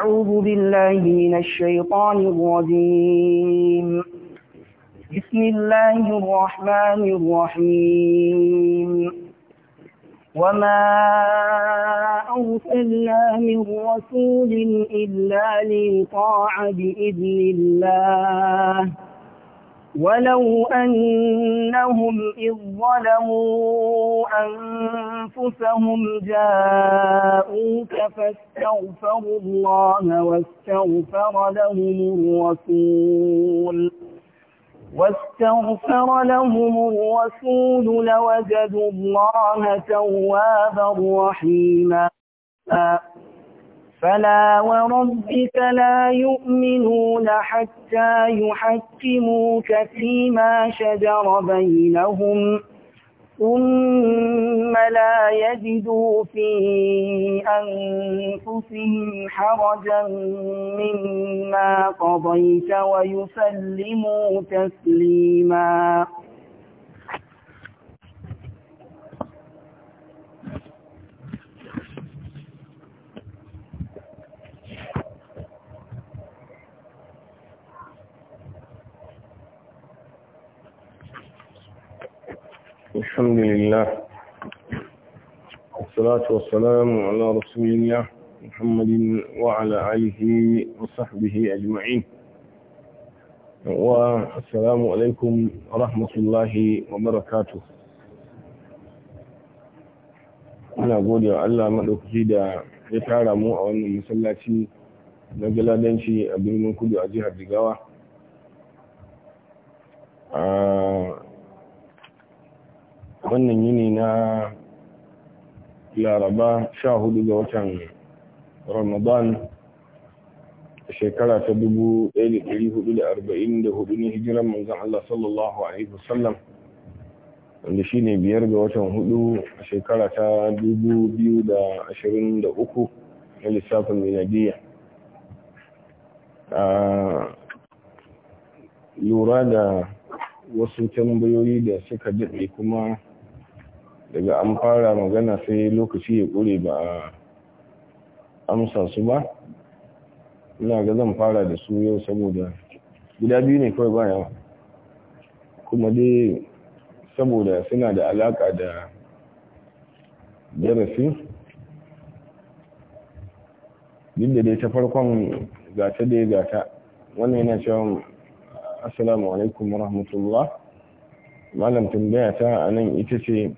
أعوذ بالله من الشيطان الرجيم بسم الله الرحمن الرحيم وما أرسلنا من رسول إلا ليطاع بإذن الله ولو أنهم إذ ظلموا أنفسهم جاءوك فاستغفروا الله واستغفر لهم الرسول واستغفر لهم الرسول لوجدوا الله توابا رحيما فلا وربك لا يؤمنون حتى يحكموك فيما شجر بينهم ثم لا يجدوا في أنفسهم حرجا مما قضيت ويسلموا تسليماً الحمد لله والصلاة والسلام على رسول الله محمد وعلى آله وصحبه أجمعين والسلام عليكم ورحمة الله وبركاته أنا أقول يا الله مدوك جيدا يتعرى مو أو أن المسلاتي نجلا دنشي أبن من كل أجهة بقاوة آه wannan yini na laraba sha hudu ga watan ramadan shekara ta dubu da hudu da arba'in da hudu ne hijiran manzan Allah sallallahu alaihi wasallam wanda shi ne biyar ga watan hudu a shekara ta dubu biyu da ashirin da uku na lissafin a lura da wasu tambayoyi da suka daɗe kuma daga an fara magana sai lokaci ya kure ba a amsa su ba ina ga zan fara da su yau saboda gida biyu ne kawai ba yawa kuma dai saboda suna da alaƙa da darasi duk da dai ta farkon gata dai gata wannan yana cewa assalamu alaikum wa rahmatullah malam tambaya ta a nan ita ce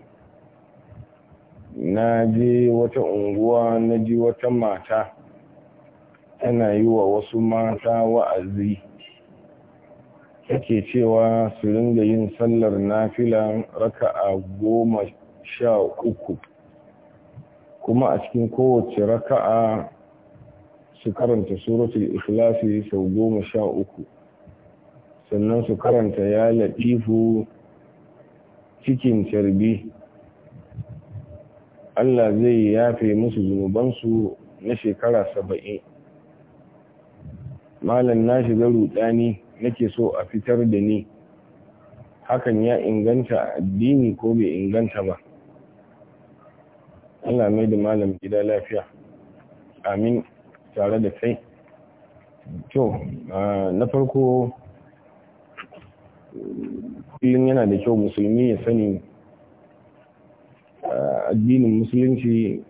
na je wata unguwa na ji wata mata tana yi wa wasu mata wa'azi yake cewa su ringa yin sallar nafila raka'a goma sha uku kuma a cikin kowace raka'a su karanta suratul ikhlasi sau goma sha uku sannan su karanta ya latifu cikin carbi Allah zai yafe musu zunubansu na shekara saba'in malam na shiga rudani nake so a fitar da ni hakan ya inganta addini ko bai inganta ba Allah mai da malam gida lafiya amin tare da kai kyau na farko kullum yana da kyau musulmi ya sani addinin musulunci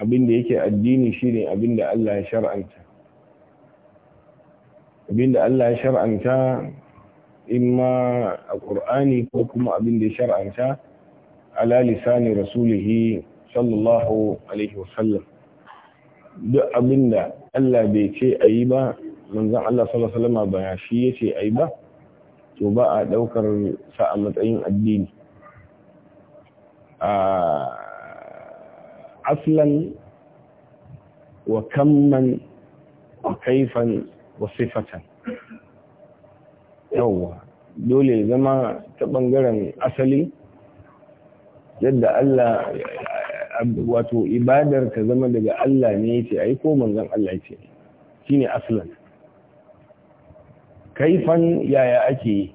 abinda yake addini shine abinda Allah ya shar'anta abinda Allah ya shar'anta imma a Qur'ani ko kuma abinda ya shar'anta ala lisani rasulihi sallallahu alaihi wasallam duk abinda Allah bai ce ayi ba manzon Allah sallallahu alaihi wasallam ba shi yace ayi ba to ba a daukar sa a matsayin addini aslan wa kamman kaifan wa sifatan yawwa dole zama ta ɓangaren asali yadda wato ibadar ka zama daga Allah ne ce ai ko manzon Allah ce shine aslan kaifan yaya ake yi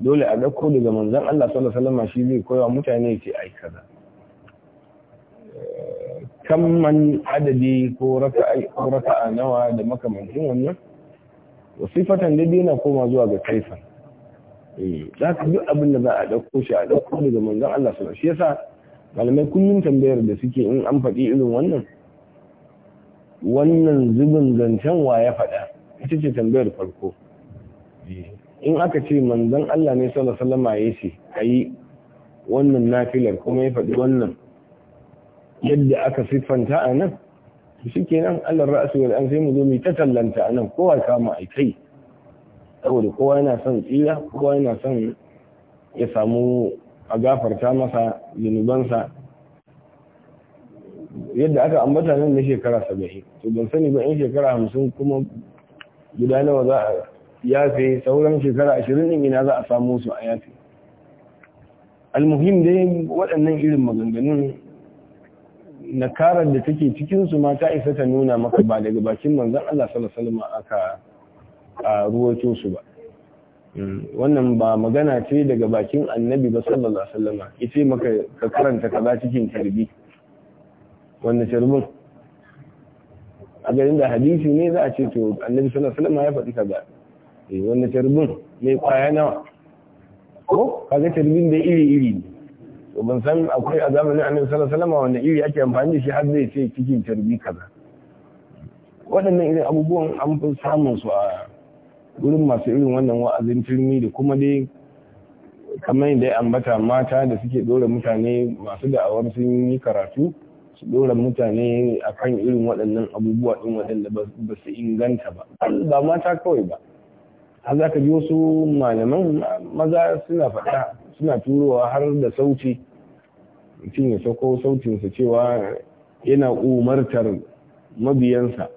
dole a dauko daga manzon Allah sallallahu alaihi wasallam shi zai koya mutane ce ai kaza kan man adadi ko raka'a ko raka'a nawa da makamancin wannan wasifatan da dina koma zuwa ga kaifan eh za ka duk abin da za a dauko shi a dauko daga manzon Allah sallallahu alaihi wasallam shi yasa malamai kullum tambayar da suke in an faɗi irin wannan wannan zubin zancen wa ya faɗa ita ce tambayar farko eh, in aka ce manzon Allah ne sallallahu alaihi wasallam ya ce ayi wannan nafilar kuma ya faɗi wannan yadda aka siffanta a nan shikenan Allah ra'su wal an sai mu zo mu tatallanta tallanta a nan kowa kama ai kai saboda kowa yana son tsira kowa yana son ya samu a gafarta masa zunubansa yadda aka ambata nan na shekara saba'in to ban sani ba in shekara hamsin kuma guda nawa za a Ya fi sauran shekara ashirin ɗin ina za a samu su a yafe almuhim dai waɗannan irin maganganun nakarar da take cikinsu ma ta isa ta nuna maka ba daga bakin manzan Allah salasalama aka a ruwato su ba mm, wannan ba magana ce daga bakin annabi ba sallallahu alaihi ita maka ka karanta kaza cikin tarbi wanda sharbin a garin da hadisi ne za a ce to annabi sallallahu alaihi ya faɗi kaza E wannan tarbin mai kwaya nawa ko kaga tarbin da iri iri ne to ban san akwai a zamanin annabi sallallahu wanda iri ake amfani da shi har zai ce cikin tarbi kaza waɗannan irin abubuwan an fi samun su a wurin masu irin wannan wa'azin turmi da kuma dai kamar yadda ya ambata mata da suke ɗora mutane masu da'awar sun yi karatu su ɗora mutane akan irin waɗannan abubuwa ɗin waɗanda ba su inganta ba ba mata kawai ba har za ka ji wasu malaman maza suna faɗa suna turowa har da sauti mutum ya sauko sautinsa cewa yana umartar mabiyansa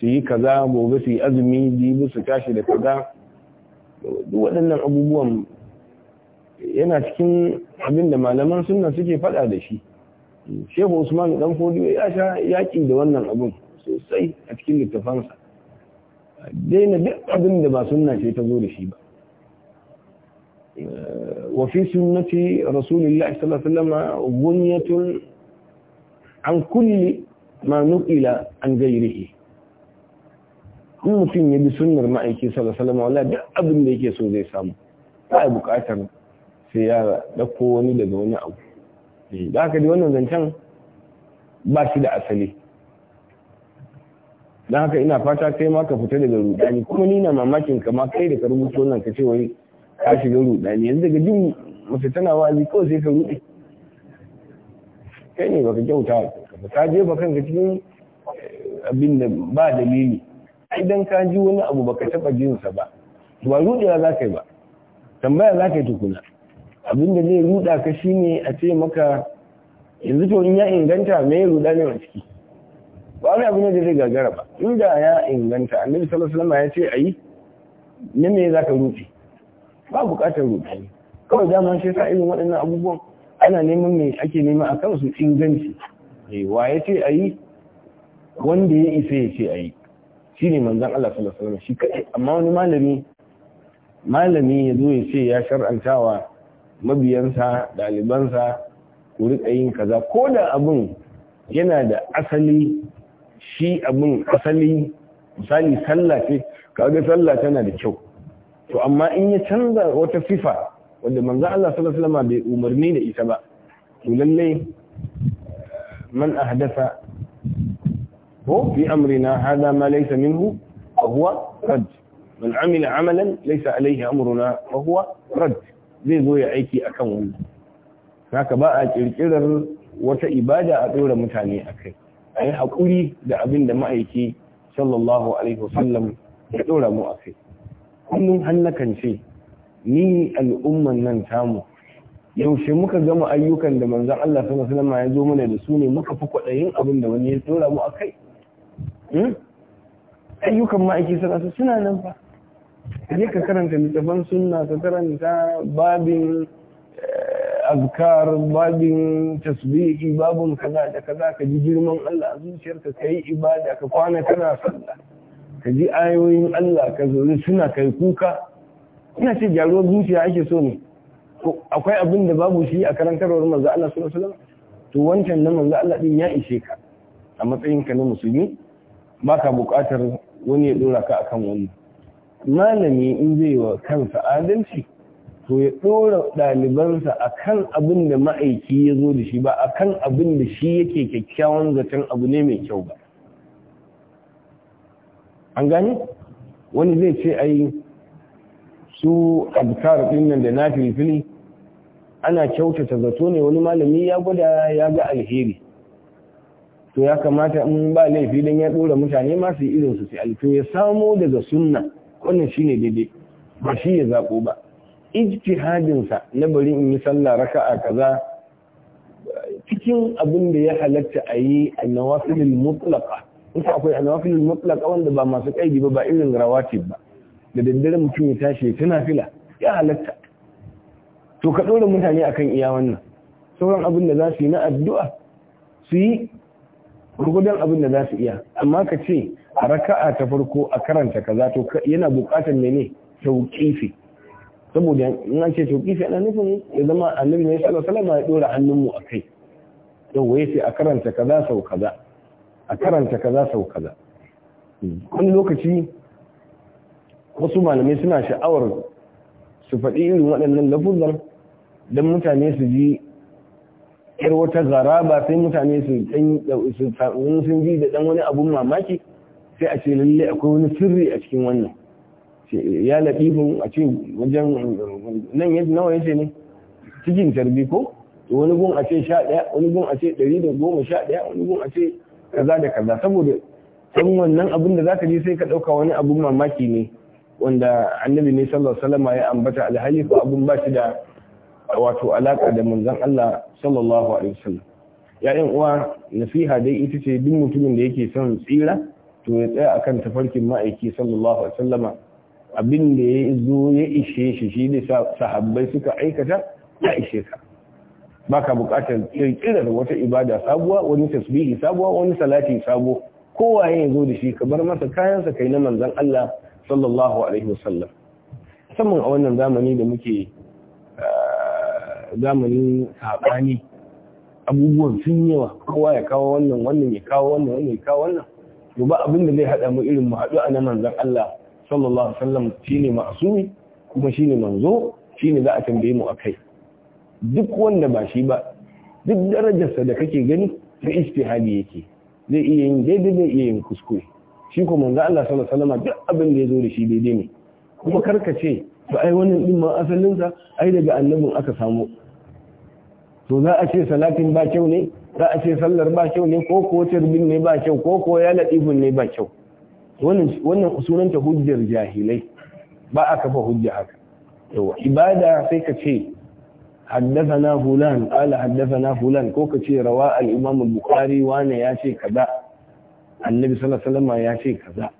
su yi kaza gobe su yi azumi jibi su tashi da kaza duk waɗannan abubuwan yana cikin abin da malaman sunna suke faɗa da shi shehu usman dan fodiyo ya sha yaƙi da wannan abin sosai a cikin littafansa daina duk abin da ba sunna ce ta zo da shi ba wa fi sunnati rasulillahi sallallahu alaihi wasallam an kulli ma nuqila an ghairihi in mutum ya bi sunnar ma'aiki sallallahu alaihi wasallam duk abin da yake so zai samu ba ya bukatar sai ya dauko wani daga wani abu eh, da haka dai wannan zancen ba shi da asali don haka ina fata kai ma ka fita daga rudani kuma ni na mamakin ka ma kai da ka rubuta nan ka ce wai ka shiga rudani yanzu daga jin mace tana wazi kawai sai ka rude kai ne baka kyauta ka jefa kanka cikin eh, abin da ba dalili idan ka ji wani abu baka taba jin sa ba ba rudewa za ka yi ba tambaya za ka yi tukuna abin da zai ruda ka shine a ce maka yanzu to in ya inganta me ya ruda ne a ciki ba wani abu ne da zai gagara ba inda ya inganta annabi sallallahu alaihi wasallam ya ce ayi ne me zaka rufe ba bukatar rufe kawai dama shi sa irin waɗannan abubuwan ana neman me ake nema a kan su inganci eh, wa ya ce ayi wanda ya isa ya ce ayi shine manzon Allah sallallahu alaihi shi kai amma wani malami malami ya zo ya ce ya shar'antawa mabiyansa dalibansa, ku riƙa yin kaza ko da abin yana da asali shi abin asali misali sallah ce kaga sallah tana da kyau to amma in ya canza wata sifa wanda manzo Allah sallallahu alaihi wasallam bai umarni da ita ba to lalle man ahdatha ko fi amrina hada ma laysa minhu fa huwa rad man amila amalan laysa alayhi amruna fa huwa rad zai zo ya aiki akan wannan haka ba a kirkirar wata ibada a dora mutane akai a yi haƙuri da abin da ma'aiki sallallahu alaihi wasallam ya ɗora mu a kai kullum hannakan ce ni al'umman nan tamu yaushe muka gama ayyukan da manzan Allah sallallahu alaihi wasallam ya zo mana da su ne muka fi kwaɗayin abin da wani ya ɗora mu a kai hmm? ayyukan ma'aiki sallallahu suna nan fa je ka karanta littafan sunna ka karanta babin azkar babin tasbihi babun kaza da kaza ka ji girman Allah a zuciyarka ka yi ibada ka kwana kana sallah ka ji ayoyin Allah ka zuri suna kai kuka ina ce gyaruwar zuciya ake so ne akwai abin da babu shi a karantarwar manzo Allah sallallahu alaihi wasallam to wancan na manzo Allah din ya ishe ka a matsayin ka na musulmi baka buƙatar wani ya dora ka akan wani malami in zai wa kansa adalci to ya ɗora ɗalibansa a kan abin da ma'aiki ya zo da shi ba a kan abin da shi yake kyakkyawan zaton abu ne mai kyau ba an gani wani zai ce yi su abkar ɗinnan da na filifili ana kyautata zato ne wani malami ya gwada ya ga alheri to ya kamata in ba laifi don ya ɗora mutane masu irinsu su alfi ya samo daga sunna wannan shi ne daidai ba shi ya zaɓo ba ijtihadinsa na bari in yi sallah raka'a kaza cikin abin da ya halatta a yi a nawafilin mutlaka akwai a nawafilin mutlaka wanda ba masu kaidi ba ba irin rawatib ba da daddare mutum ya tashi tana fila ya halatta to ka ɗora mutane akan iya wannan sauran abin da za su yi na addu'a su yi gurgudan abin da za su iya amma ka ce a raka'a ta farko a karanta kaza to yana buƙatar mene tauƙifi saboda ina ce to kifi ana nufin ya zama annabi ne sallallahu alaihi wasallam ya dora hannunmu a kai waye sai a karanta kaza sau kaza a karanta kaza sau kaza wani lokaci wasu malamai suna sha'awar su faɗi irin waɗannan lafuzan don mutane su ji yar wata garaba sai mutane su sun ji da ɗan wani abun mamaki sai a ce lalle akwai wani sirri a cikin wannan ya latifin a ce wajen nan yadda nawa yace ne cikin tarbi ko wani gun a ce sha ɗaya wani gun a ce ɗari da goma sha ɗaya wani gun a ce kaza da kaza saboda san wannan abin da zaka ji sai ka ɗauka wani abun mamaki ne wanda annabi ne sallallahu alaihi ya ambata alhali ko abun ba shi da wato alaka da manzon Allah sallallahu alaihi wasallam ya'yan uwa nasiha dai ita ce duk mutumin da yake son tsira to ya tsaya akan tafarkin ma'aiki sallallahu alaihi wasallama abin da ya zo ya ishe shi shi ne sahabbai suka aikata ya ishe ka Ba ka bukatar kirkirar wata ibada sabuwa wani tasbihi sabuwa wani salati sabo kowa ya zo da shi ka bar masa kayansa kai na manzan Allah sallallahu alaihi wasallam musamman a wannan zamani da muke ah, zamanin sabani abubuwan sun yawa kowa ya kawo wannan wannan ya kawo wannan wannan ya kawo wannan to ba abin da zai haɗa mu irin mu haɗu a na manzan Allah sallallahu sallam, shi ne ma'asumi kuma shi ne manzo shi ne za a tambaye mu a kai. duk wanda ba shi ba duk darajarsa da kake gani ta yake zai iya yin daidai zai iya yin kuskure shi kuma manzo Allah sallallahu duk abin da ya zo da shi daidai ne kuma ce to ai wannan din ma asalinsa ai daga annabin aka samu to za a ce salatin ba kyau ne za a ce sallar ba kyau ne ko ko turbin ne ba kyau ko ko ya ne ba kyau wannan sunanta hujjar jahilai ba a kafa hujja haka yawa ibada sai ka ce haddathana fulan qala haddathana fulan ko ka ce rawa al-imam al-bukhari wane ya ce kaza annabi sallallahu ya ce kaza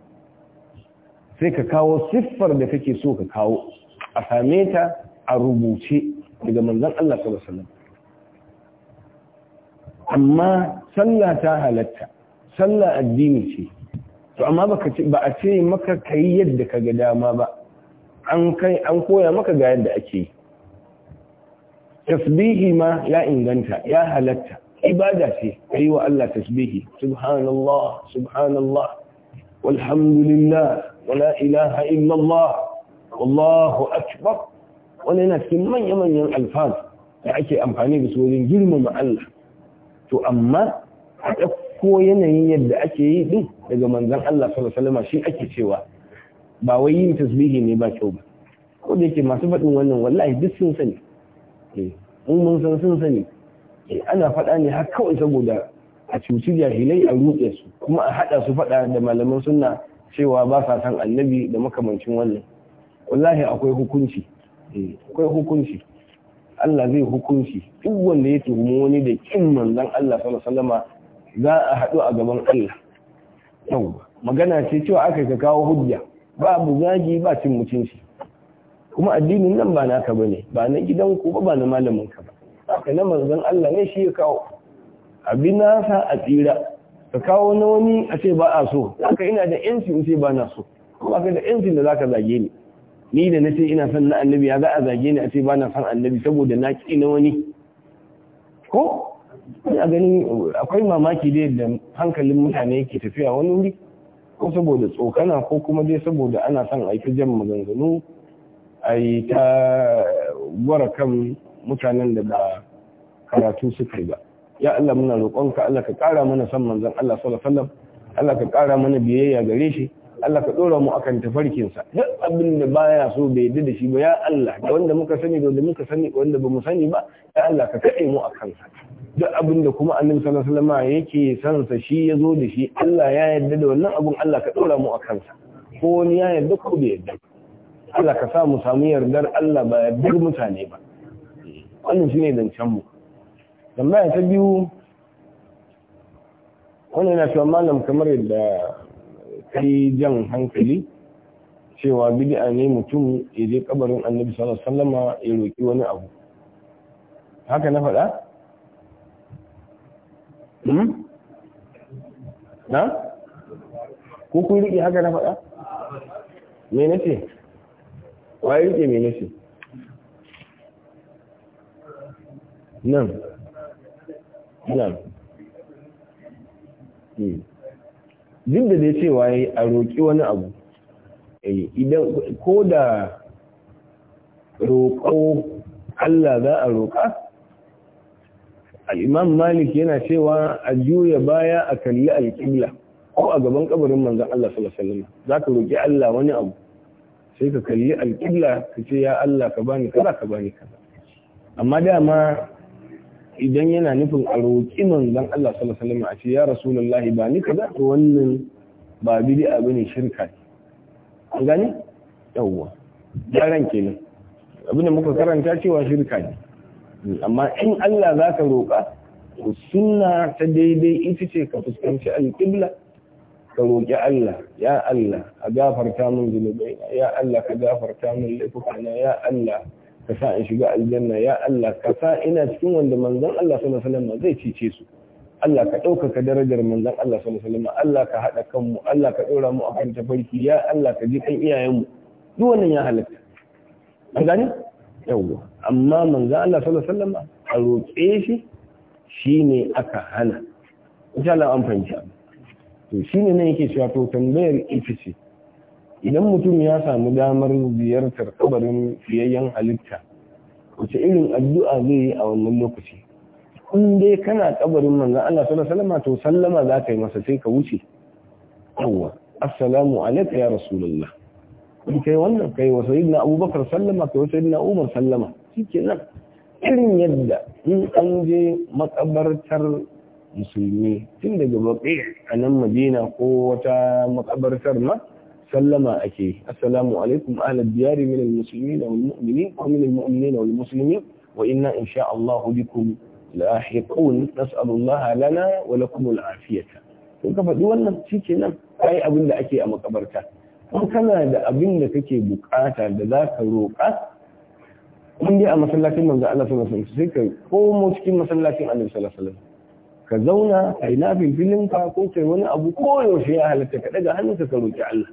sai ka kawo siffar da kake so ka kawo a same ta a rubuce daga manzon Allah sallallahu amma sallah ta halatta sallah addini ce to amma ba a ce maka ka yi yadda ka ga dama ba an kai an koya maka ga yadda ake yi tasbihi ma ya inganta ya halatta ibada ce kai wa Allah tasbihi subhanallah subhanallah walhamdulillah wala ilaha illallah wallahu akbar Wani yana cikin manya-manyan alfan da ake amfani da su wajen girmama Allah to amma a ko yanayin yadda ake yi din daga manzon Allah sallallahu alaihi wasallam shi ake cewa ba wai yin tasbihi ne ba kyau ba ko da yake masu faɗin wannan wallahi duk sun sani eh mun san sun sani eh ana faɗa ne har kawai saboda a cuci jahilai a ruɗe su kuma a haɗa su faɗa da malaman sunna cewa ba sa san annabi da makamancin wannan wallahi akwai hukunci eh, akwai hukunci Allah zai hukunci duk wanda ya tuhumi wani da kin manzon Allah sallallahu alaihi wasallama za a haɗu a gaban Allah yau magana ce cewa aka ka kawo hujja babu zagi ba cin mutunci kuma addinin nan ba naka ne, ba na gidan ku ba na malamin ka ba Aka na manzan Allah ne shi ya kawo abin nasa a tsira ka kawo na wani a ce ba a so haka ina da yanci in ce ba na so kuma ka da yancin da za ka zage ni ni da na ce ina son na annabi ya za a zage ni a ce ba na son annabi saboda na ki na wani ko ina ganin akwai mamaki dai da hankalin mutane yake tafiya wani wuri ko saboda tsokana ko kuma dai saboda ana son aiki jan maganganu a yi ta gwara kan mutanen da ba karatu suka yi ba ya Allah muna roƙonka Allah ka ƙara mana san manzon Allah sallallahu alaihi wasallam Allah ka ƙara mana biyayya gare shi Allah ka ɗora mu akan tafarkinsa duk abin da baya so bai yadda da shi ba ya Allah da wanda muka sani da wanda muka sani wanda ba mu sani ba ya Allah ka kaɗe mu a kansa duk abin da kuma annabi sallallahu alaihi wasallam yake san sa shi ya zo da shi Allah ya yarda da wannan abun Allah ka dora mu a kansa ko wani ya yarda ko bai yarda Allah ka sa mu samu yardar Allah ba yardar mutane ba wannan shine can mu tambaya ta biyu wannan na cewa malam kamar yadda kai jan hankali cewa bid'a ne mutum ya je kabarin annabi sallallahu alaihi wasallam ya roki wani abu haka na faɗa Hmm? na? ko kun riƙe haka na faɗa? me na waye riƙe me na ce? nan nan hmm. duk da dai cewa ya a roƙi wani abu eh, idan ko da roƙo Allah za a roƙa al'imam malik yana cewa a juya baya a kalli alƙibla ko a gaban kabarin manzan Allah sallallahu za ka roƙi Allah wani abu sai ka kalli alƙibla ka ce ya Allah ka bani kaza ka bani kaza amma dama idan yana nufin a roƙi manzan Allah sallallahu a ce ya rasulullahi ba ni kaza to wannan ba bid'a bane shirka an gane yawwa yaran kenan abinda muka karanta cewa shirka ne amma in Allah za ka roƙa to ta daidai ita ce ka fuskanci alƙibla ka roƙi Allah ya Allah a gafarta min zunubai ya Allah ka gafarta min laifukana ya Allah ka sa in shiga aljanna ya Allah ka sa ina cikin wanda manzon Allah sallallahu alaihi wasallam zai cice su Allah ka ɗaukaka darajar manzon Allah sallallahu alaihi wasallam Allah ka haɗa kanmu Allah ka ɗora mu akan tafarki ya Allah ka ji kan iyayenmu duk wannan ya halatta an gane. yawwa amma manzo Allah sallallahu alaihi wasallam a roƙe shi shine aka hana insha Allah an fahimta to shine ne yake cewa to tambayar ifisi, idan mutum ya samu damar ziyartar kabarin fiyayyen halitta wace irin addu'a zai yi a wannan lokaci in dai kana kabarin manzo Allah sallallahu alaihi wasallam to sallama za ka yi masa sai ka wuce yawwa assalamu alayka ya rasulullah in kai wannan kai wa sayyidina abubakar sallama kai wa sayyidina umar sallama nan irin yadda in an je makabartar musulmi tun daga baƙi a nan madina ko wata makabartar ma sallama ake assalamu alaikum ahlal diyari min almuslimin wal mu'minin wa min almu'minin wal muslimin wa inna insha Allah bikum lahiqun nas'alu Allah lana wa lakum al afiyata to ka faɗi wannan shikenan kai abin da ake a makabarta in kana da abin da kake bukata da za ka roƙa Kun dai a masallacin manzo Allah sallallahu alaihi wasallam sai ka komo cikin masallacin Annabi sallallahu alaihi wasallam ka zauna kai nafin filin ka ko kai wani abu ko yaushe ya halatta ka daga hannunka ka roƙi Allah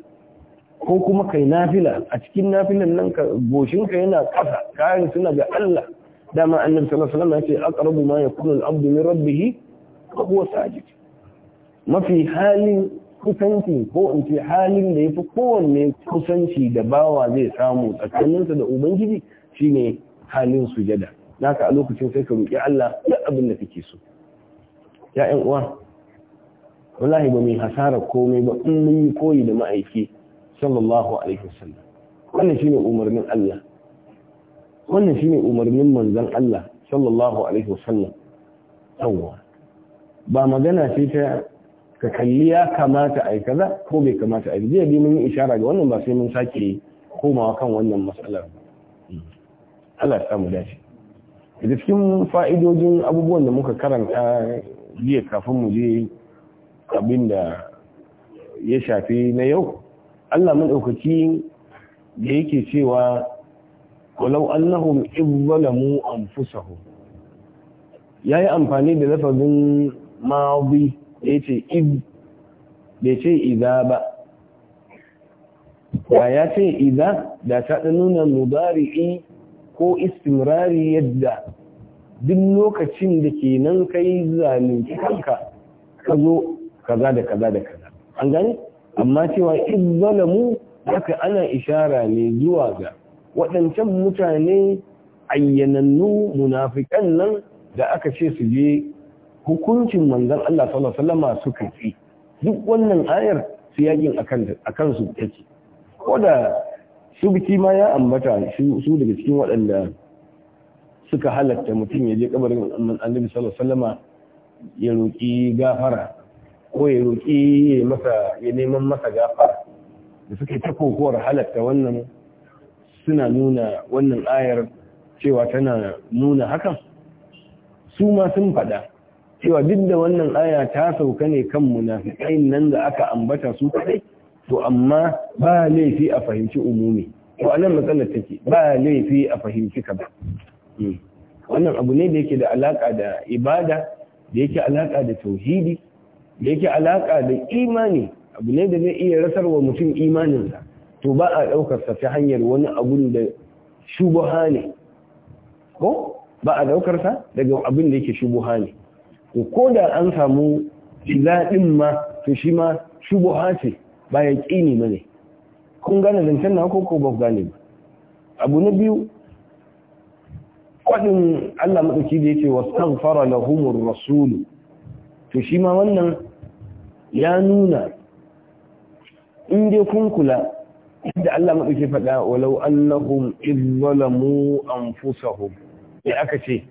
ko kuma kai nafila a cikin nafilan nan ka goshin ka yana ƙasa kayan suna ga Allah dama Annabi sallallahu alaihi wasallam ya ce aqrabu ma yakunu al-abdu li rabbih wa huwa sajid mafi halin kusanci ko in ce halin da ya fi kowanne kusanci da bawa zai samu tsakaninsa da ubangiji shine halin sujada naka a lokacin sai ka roƙi Allah duk abin da kake so ya ƴan uwa wallahi ba mai hasara komai ba in mun yi koyi da ma'aiki sallallahu alaihi wasallam wannan shine umarnin Allah wannan shine umarnin manzon Allah sallallahu alaihi wasallam yawwa ba magana ce ta ka kalli ya kamata a yi kaza ko bai kamata a yi zai bi mun ishara ga wannan ba sai mun sake komawa kan wannan matsalar Allah ya samu dace da cikin fa'idojin abubuwan da muka karanta jiya kafin mu je abin da ya shafi na yau Allah daukaki da yake cewa walau annahum izzalamu anfusahum yayi amfani da lafazin mabi da ya iza ba ba ya ce iza da ta nuna mubari'i ko istimrari yadda duk lokacin da ke nan kai zalunci kanka ka zo kaza da kaza da kaza an gani amma cewa iz zalamu haka ana ishara ne zuwa ga waɗancan mutane ayyanannu munafikan nan da aka ce su je hukuncin manzon Allah sallallahu alaihi wasallam suka fi duk wannan ayar su yakin akan akan su take ko da subki ma ya ambata su daga cikin waɗanda suka halatta mutum ya je kabarin annabi sallallahu alaihi wasallam ya roki gafara ko ya roki masa ya neman masa gafara da suke ta kokowar halatta wannan suna nuna wannan ayar cewa tana nuna hakan su ma sun faɗa cewa duk da wannan aya ta sauka ne kan munafikai nan da aka ambata su kadai to amma ba laifi a fahimci umumi to anan matsalar take ba laifi a fahimci ka ba hmm. wannan abu ne da yake da alaka da ibada da yake alaka da tauhidi da yake alaka da imani abu ne da zai iya rasarwa mutum imaninsa to ba a daukar sa ta hanyar wani abun da shubuha ne ko ba a daukar sa daga abin da yake shubuha ne to ko da an samu shiga din ma to shi ma shubo ce ba ya ƙini ba ne kun gane zancen na ko ko ba gane ba abu na biyu kwaɗin Allah maɗauki da ya ce wasu kan fara rasulu to shi ma wannan ya nuna in dai kun kula yadda Allah maɗauki faɗa walau annahum izzalamu anfusahum ya aka ce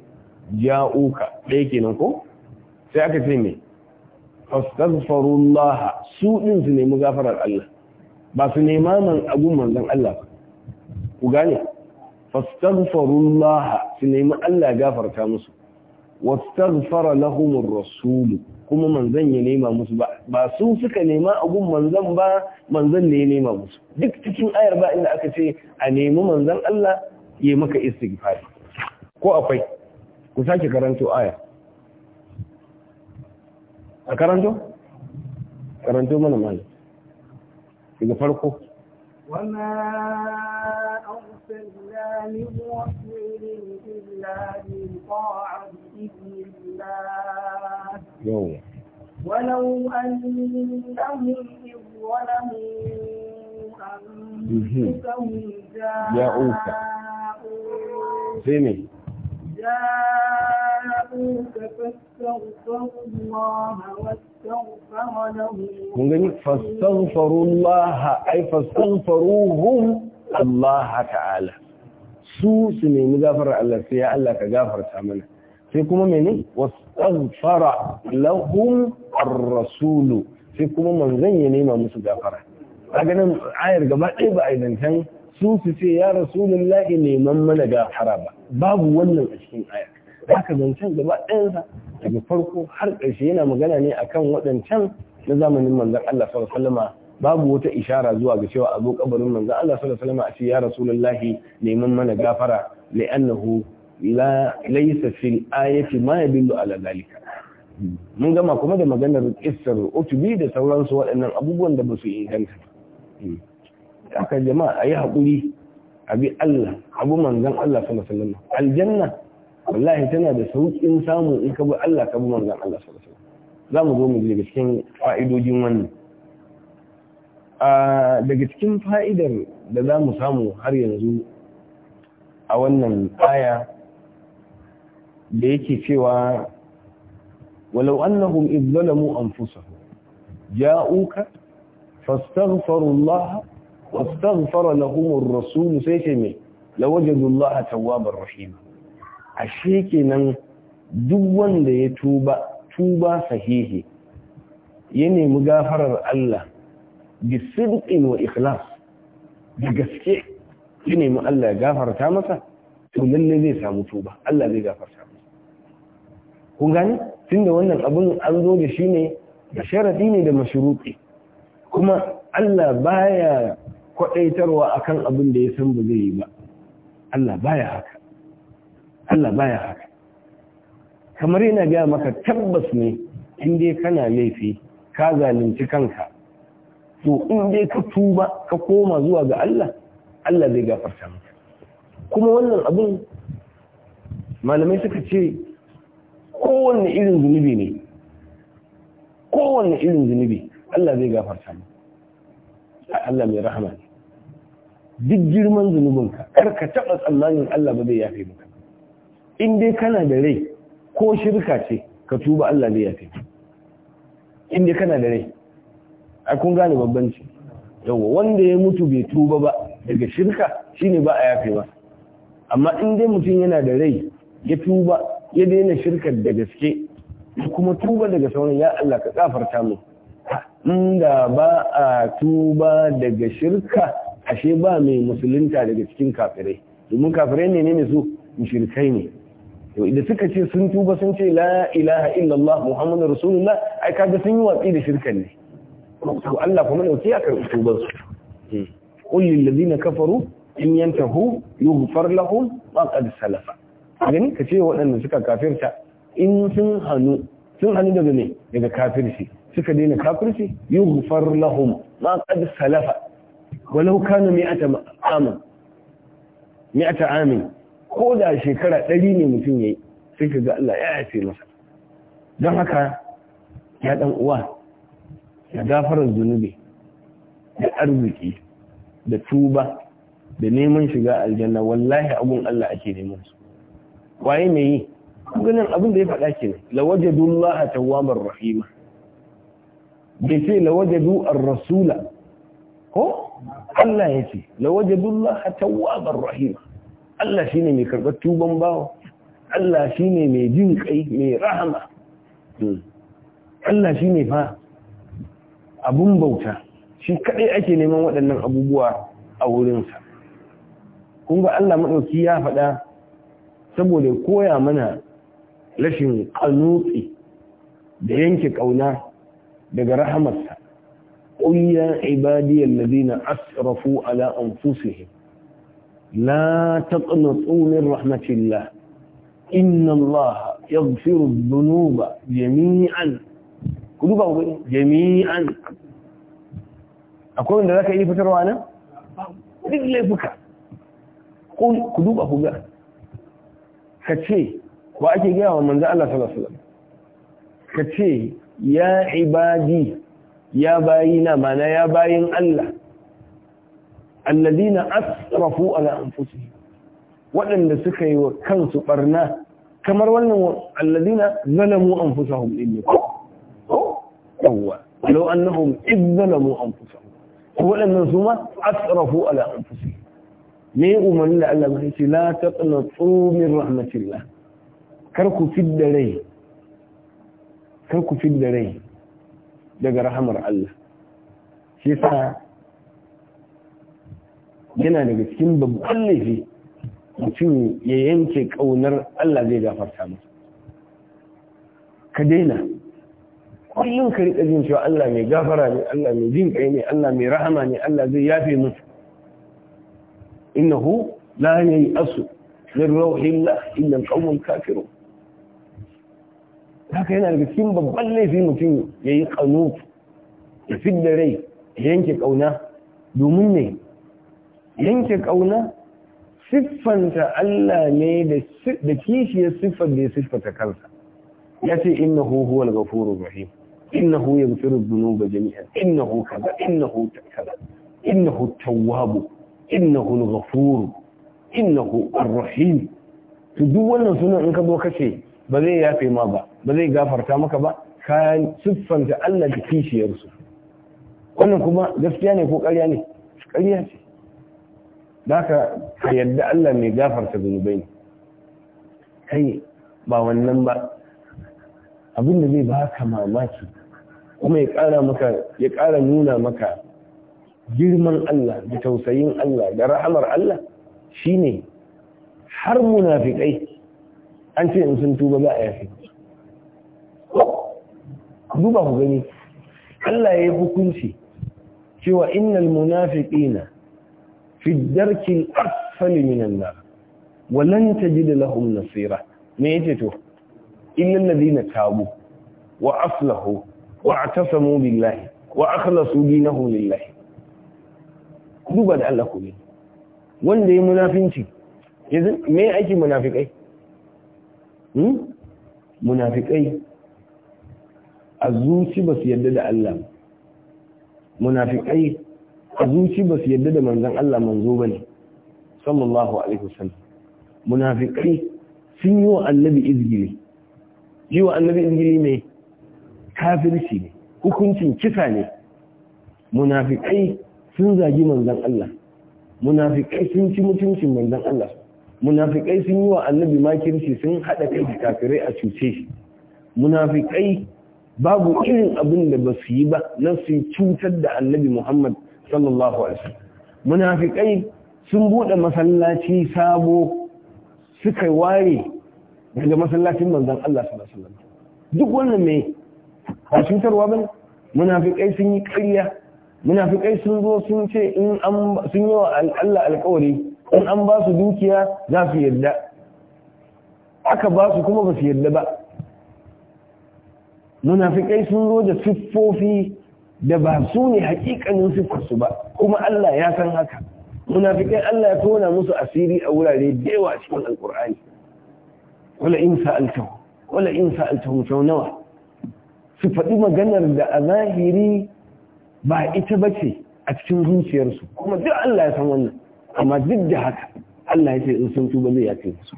ja'uka ɗaya kenan ko sai aka ce me fastaghfirullah su din su nemi gafarar Allah ba su nema man agun manzon Allah ba. ku gane fastaghfirullah su nemi Allah gafarta musu wastaghfara lahumur rasul kuma manzon ya nema musu ba ba su suka nema agun manzon ba manzon ne ya nema musu duk cikin ayar ba inda aka ce a nemi manzon Allah ya maka istighfar ko akwai ku sake karanto aya a karanto? karanto mana mana daga farko ولو أنهم Mun فاستغفروا الله واستغفر gani fastaghfaru Allah ta'ala su su nemi gafarar Allah sai ya Allah ka gafarta mana sai kuma mene wastaghfara lahum ar rasulu. sai kuma manzan ya nema musu gafara A ganin ayar gaba ɗaya ba a dantan su su ce ya rasulullahi neman mana gafara ba babu wannan a cikin ayar haka zancen gaba ɗayansa daga farko har ƙarshe yana magana ne a kan waɗancan na zamanin manzan Allah sallallahu alaihi babu wata ishara zuwa ga cewa abu kabarin manzan Allah sallallahu alaihi a ce ya rasulullahi neman mana gafara li'annahu la laysa fil ayati ma yadullu ala zalika mun gama kuma da maganar kissar utubi da sauransu waɗannan abubuwan da ba su inganta haka jama'a ayi haƙuri abi Allah abu manzan Allah sallallahu aljanna wallahi tana da sauƙin samu in ka bi Allah ka bi manzon Allah sallallahu alaihi wasallam za mu zo mu daga cikin fa'idojin wannan daga cikin fa'idar da za mu samu har yanzu a wannan aya da yake cewa walau annahum idh zalamu anfusahum ja'uka fastaghfiru Allah wastaghfara lahum ar-rasul sai ce me lawajadu Allah tawwabar rahim ashe kenan duk wanda ya tuba tuba sahihi ya nemi gafarar Allah bi sidqin wa ikhlas da gaske ya nemi Allah ya gafarta masa to lalle zai samu tuba Allah zai gafarta masa kun gani tunda wannan abun an zo da shi ne da sharadi ne da mashruqi kuma Allah baya kwadaitarwa akan abin da ya san ba zai yi ba Allah baya haka Allah baya haka kamar yana gaya maka tabbas ne in dai kana laifi ka zalunci kanka to in dai ka tuba ka koma zuwa ga Allah Allah zai gafarta maka kuma wannan abin malamai suka ce kowanne irin zunubi ne kowanne irin zunubi Allah zai gafarta maka Allah mai rahama ne duk girman zunubinka karka taɓa tsammanin Allah ba zai yafe maka in dai kana da rai ko shirka ce ka tuba Allah ya yafe in dai kana da rai a kun gane babbanci yawa wanda ya mutu bai tuba ba daga shirka shine ba a yafe ba amma in dai mutum yana da rai ya tuba ya daina shirka da gaske kuma tuba daga sauran ya Allah ka gafarta mu inda ba a tuba daga shirka ashe ba mai musulunta daga cikin kafirai domin kafirai ne ne su mushrikai ne da suka ce sun tuba sun ce la ilaha illallah muhammadu rasulullah ai kaga sun yi watsi da shirkan ne to Allah kuma dauke ya karɓi tuban su qul lil ladina kafaru in yantahu yughfar lahum ma qad salafa gani ka ce waɗanda suka kafirta in sun hanu sun hanu daga ne daga kafirci suka daina kafirci yughfar lahum ma qad salafa walau kanu mi'ata amin mi'ata amin ko da shekara ɗari ne mutum ya yi sai ka ga Allah ya yafe masa don haka ya ɗan uwa da gafarar zunubi da arziki da tuba da neman shiga aljanna wallahi abun Allah ake neman su waye mai yi ganin abin da ya faɗa ke ne lawajadu Allah tawamar rahima da ce lawajadu ar-rasula ko Allah ya ce lawajadu Allah tawamar rahima Allah shi ne mai karɓar tuban bawa Allah shi ne mai jin kai mai rahama hmm. Allah shi ne fa abun bauta shi kaɗai ake neman waɗannan abubuwa a wurinsa kun ga Allah maɗauki ya faɗa saboda koya mana rashin ƙanutse da yanke ƙauna daga rahamarsa ƙunyan ibadiyar ladina asrafu ala anfusihim لا تقنطوا من رحمة الله إن الله يغفر الذنوب جميعا كذوبا وبين جميعا أقول إن ذاك إيه فتر وأنا رجل فكا قول كذوبا وبين كتشي وأكي جاء ومن ذا الله صلى الله عليه وسلم كتشي يا عبادي يا باينا معنا يا باين الله alladina asrafu ala anfusihim waɗanda suka yi wa kansu barna kamar wannan alladina zalamu anfusahum din ne ko yawwa law annahum idh zalamu anfusahum waɗannan su ma asrafu ala anfusihim me umarni da Allah bai ce la taqnatu min rahmatillah kar ku fidda rai kar ku fidda rai daga rahamar Allah shi sa. yana daga cikin babban laifi mutum ya yanke ƙaunar Allah zai gafarta masa ka daina kullum ka riƙa jin cewa Allah mai gafara ne Allah mai jin ƙai ne Allah mai rahama ne Allah zai yafe musu hu la ya yi yai'asu min rauhillah illa al ƙaunar kafiru haka yana daga cikin babban laifi mutum ya yayi qanut ya da rai ya yanke ƙauna domin ne yanke ƙauna siffanta Allah ne da kishiyar siffar da ya siffata kansa ya ce innahu huwal ghafurur rahim innahu yaghfiru dhunuba jami'an innahu kaza innahu kaza innahu tawwabu innahu al-ghafur innahu ar-rahim to duk wannan sunan in ka zo ce ba zai yafe ma ba ba zai gafarta maka ba ka siffanta Allah da kishiyarsu wannan kuma gaskiya ne ko ƙarya ne ƙarya ce Daka ka yadda Allah mai gafarta zunubai ne kai ba wannan ba abin da zai ba ka mamaki kuma ya ƙara maka ya nuna maka girman Allah da tausayin Allah da rahamar Allah shine har munafikai an ce in sun tuba za a yafi duba ku gani Allah ya yi hukunci cewa innal munafiqina fi darkin asfali minan nar walan tajid lahum nasira me yace to illal ladina tabu wa aslahu wa atasamu billahi wa akhlasu dinahum lillahi duba da Allah ku ne. wanda ya munafinci yanzu me ake munafikai munafikai a zuci ba su yarda da Allah munafikai a zuci ba su yadda da manzan Allah manzo ba ne sallallahu alaihi wasallam munafiki sun yi wa annabi izgiri yi wa annabi izgiri ne kafirci ne hukuncin kisa ne munafiki sun zagi manzan Allah munafiki sun ci mutuncin manzan Allah munafiki sun yi wa annabi makirci sun hada kai da kafirai a cuce shi munafiki babu irin abin da ba su yi ba na su cutar da annabi Muhammad sallallahu alaihi munafikai sun bude masallaci sabo suka ware daga masallacin manzon Allah sallallahu alaihi duk wannan me a cutarwa bane munafikai sun yi ƙarya munafikai sun zo sun ce in an sun yi wa Allah alƙawari in an ba su dukiya za su yarda aka ba su kuma ba su yarda ba munafikai sun zo da siffofi da ba su ne hakikanin siffarsu ba kuma Allah ya san haka munafikai Allah ya tona musu asiri a wurare da yawa cikin alkur'ani wala in sa'alta wala in sa'altahu sau nawa su faɗi maganar da a zahiri ba ita ba ce a cikin zuciyarsu kuma duk Allah ya san wannan amma duk da haka Allah ya ce in sun tuba zai yafe su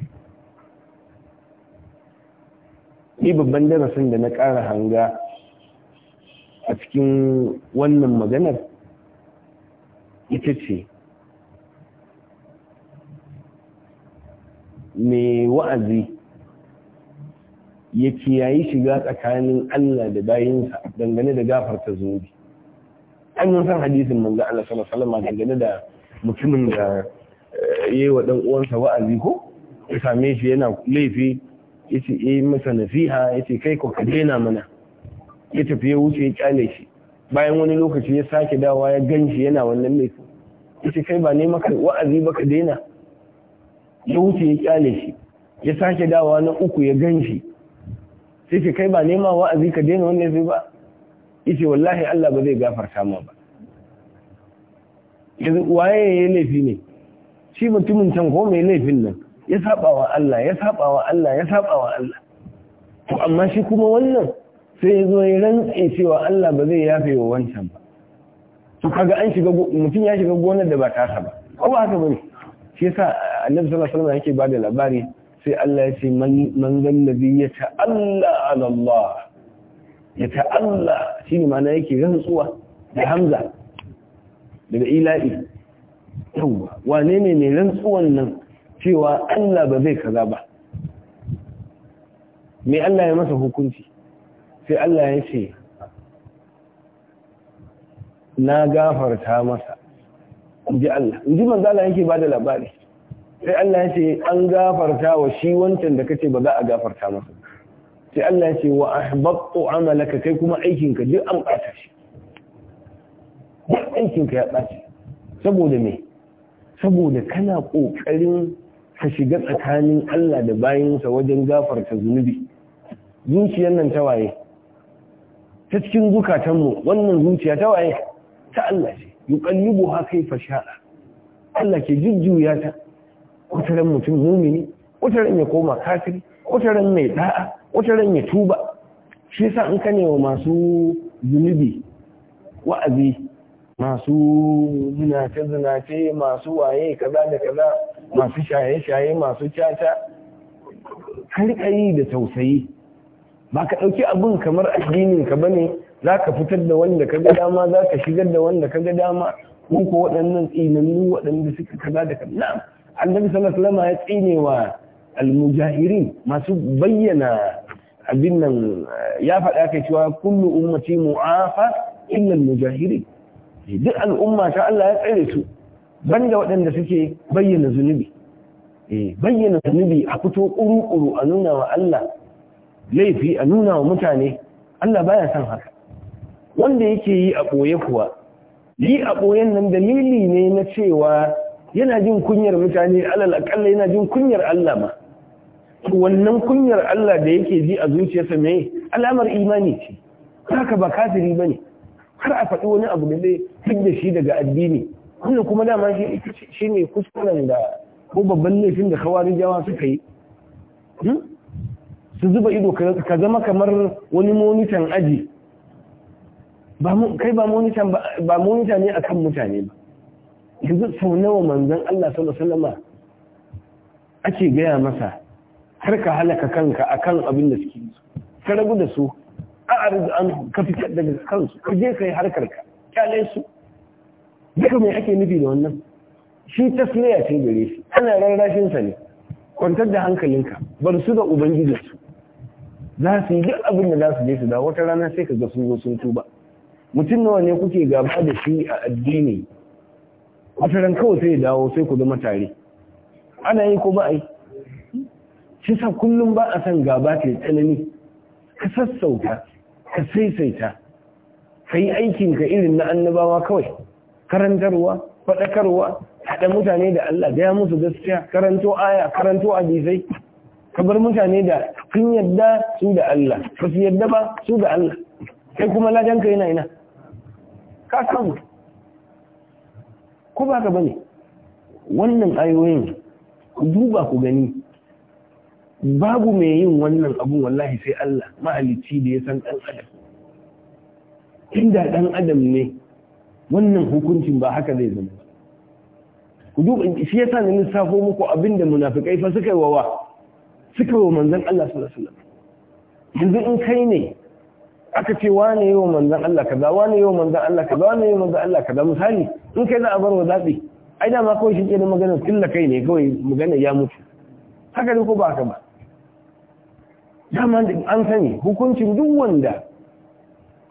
ni babban darasin da na ƙara hanga a cikin wannan maganar ita ce mai wa'azi ya kiyayi shiga tsakanin Allah da bayinsa dangane da gafarta zunubi an yi san hadisin manzo Allah sallallahu alaihi dangane da mutumin da eh, yi wa dan uwansa wa'azi ko ya same shi yana laifi yace eh masa nasiha yace kai ko ka daina mana ya tafi ya wuce ya kyale shi bayan wani lokaci ya sake dawa ya gan shi yana wannan laifin ita kai ba ne maka wa'azi ba ka daina ya wuce ya kyale shi ya sake dawa na uku ya gan shi sai ce kai ba nema wa'azi ka daina wannan zai ba ce wallahi Allah ba zai gafarta ma ba yanzu waye ya laifi ne shi mutumin can ko mai laifin nan ya saba wa Allah ya saba wa Allah ya saba wa Allah to amma shi kuma wannan sai ya zo ya rantse cewa Allah ba zai yafe wa wancan ba to kaga an shiga mutum ya shiga gonar da ba ta sa ba ko ba haka bane shi yasa annabi sallallahu alaihi wasallam yake bada labari sai Allah ya ce man zan nabi ya ta'alla ala Allah ya ta'alla ne ma'ana yake rantsuwa da hamza daga ila'i yawa wane ne mai rantsuwan nan cewa Allah ba zai kaza ba me Allah ya masa hukunci sai Allah ya ce na gafarta masa inji Allah inji manzo Allah yake bada labari sai Allah ya ce an gafarta wa shi wancan da kace ba za a gafarta masa sai Allah ya ce wa ahbattu amalaka kai kuma aikinka duk an bata shi duk aikinka ya bata saboda me saboda kana ƙoƙarin ka shiga tsakanin Allah da bayinsa wajen gafarta zunubi zuciyar nan ta waye ta cikin zukatanmu wannan zuciya ta waye ta Allah ce yuqallibu ha kaifa sha'a Allah ke jujjuya ta mutum mumini wata ya koma kafiri wata mai da'a wata ya tuba shi yasa in kane wa masu zunubi wa'azi masu zinace zinace masu waye kaza da kaza masu shaye shaye masu caca har da tausayi ba ka ɗauki abin kamar addinin ka bane za ka fitar da wanda ka ga dama za ka shigar da wanda ka ga dama ko ko waɗannan tsinannu waɗanda suka kaza da kaza na'am annabi sallallahu alaihi ya tsine wa almujahirin masu bayyana abin nan ya faɗa kai cewa kullu ummati mu'afa illa almujahirin duk al'umma ta Allah ya tsare su banda waɗanda suke bayyana zunubi eh, bayyana zunubi a fito kuru-kuru a nuna wa Allah laifi a nuna wa mutane Allah baya son haka wanda yake yi a ɓoye kuwa yi a ɓoyen nan dalili ne na cewa yana jin kunyar mutane alal akalla yana jin kunyar Allah ma wannan kunyar Allah da yake ji a zuciyarsa me alamar imani ce haka ba kafiri bane har a faɗi wani abu da zai da shi daga addini wannan kuma dama shi ne kuskuren da ko babban laifin da kawarijawa suka yi hmm? su zuba ido ka zama kamar wani monitan aji kai ba monita ne a kan mutane ba yanzu sau nawa manzan Allah sallama ake gaya masa har ka halaka kanka a kan abin da suke ka rabu da su a arzu an ka daga kansu ka je ka yi harkarka kyale su duka mai ake nufi da wannan shi tasliya ce gare shi ana rarrashinsa ne kwantar da hankalinka bar su da ubangijinsu za su yi duk abin da za su je su da wata rana sai ka ga sun zo sun tuba mutum nawa ne kuke gaba da shi a addini wata ran kawai sai dawo sai ku zama tare ana yi ko ba a yi shi sa kullum ba a san gaba ta tsanani ka sassauta ka saisaita ka yi aikinka irin na annabawa kawai karantarwa faɗakarwa haɗa mutane da Allah da ya musu gaskiya karanto aya karanto hadisai ka bar mutane da Kun yadda su da Allah ba su yadda ba su da Allah sai kuma ka yana ina ka samu ko ba ka bane wannan ayoyin ku duba ku gani babu mai yin wannan abun wallahi sai Allah mahalicci da ya san ɗan adam inda ɗan adam ne wannan hukuncin ba haka zai zama ku duba shi yasa na lissafo muku abinda munafikai fa suka yi wawa suka wa manzan Allah sallallahu alaihi wasallam yanzu in kai ne aka ce wane yi wa manzan Allah kaza wane yi wa manzan Allah kaza wane yi wa manzan Allah kaza misali in kai za a bar wa zaɓi ai dama kawai shi ke da magana killa kai ne kawai magana ya mutu haka ne ko ba haka ba dama an sani hukuncin duk wanda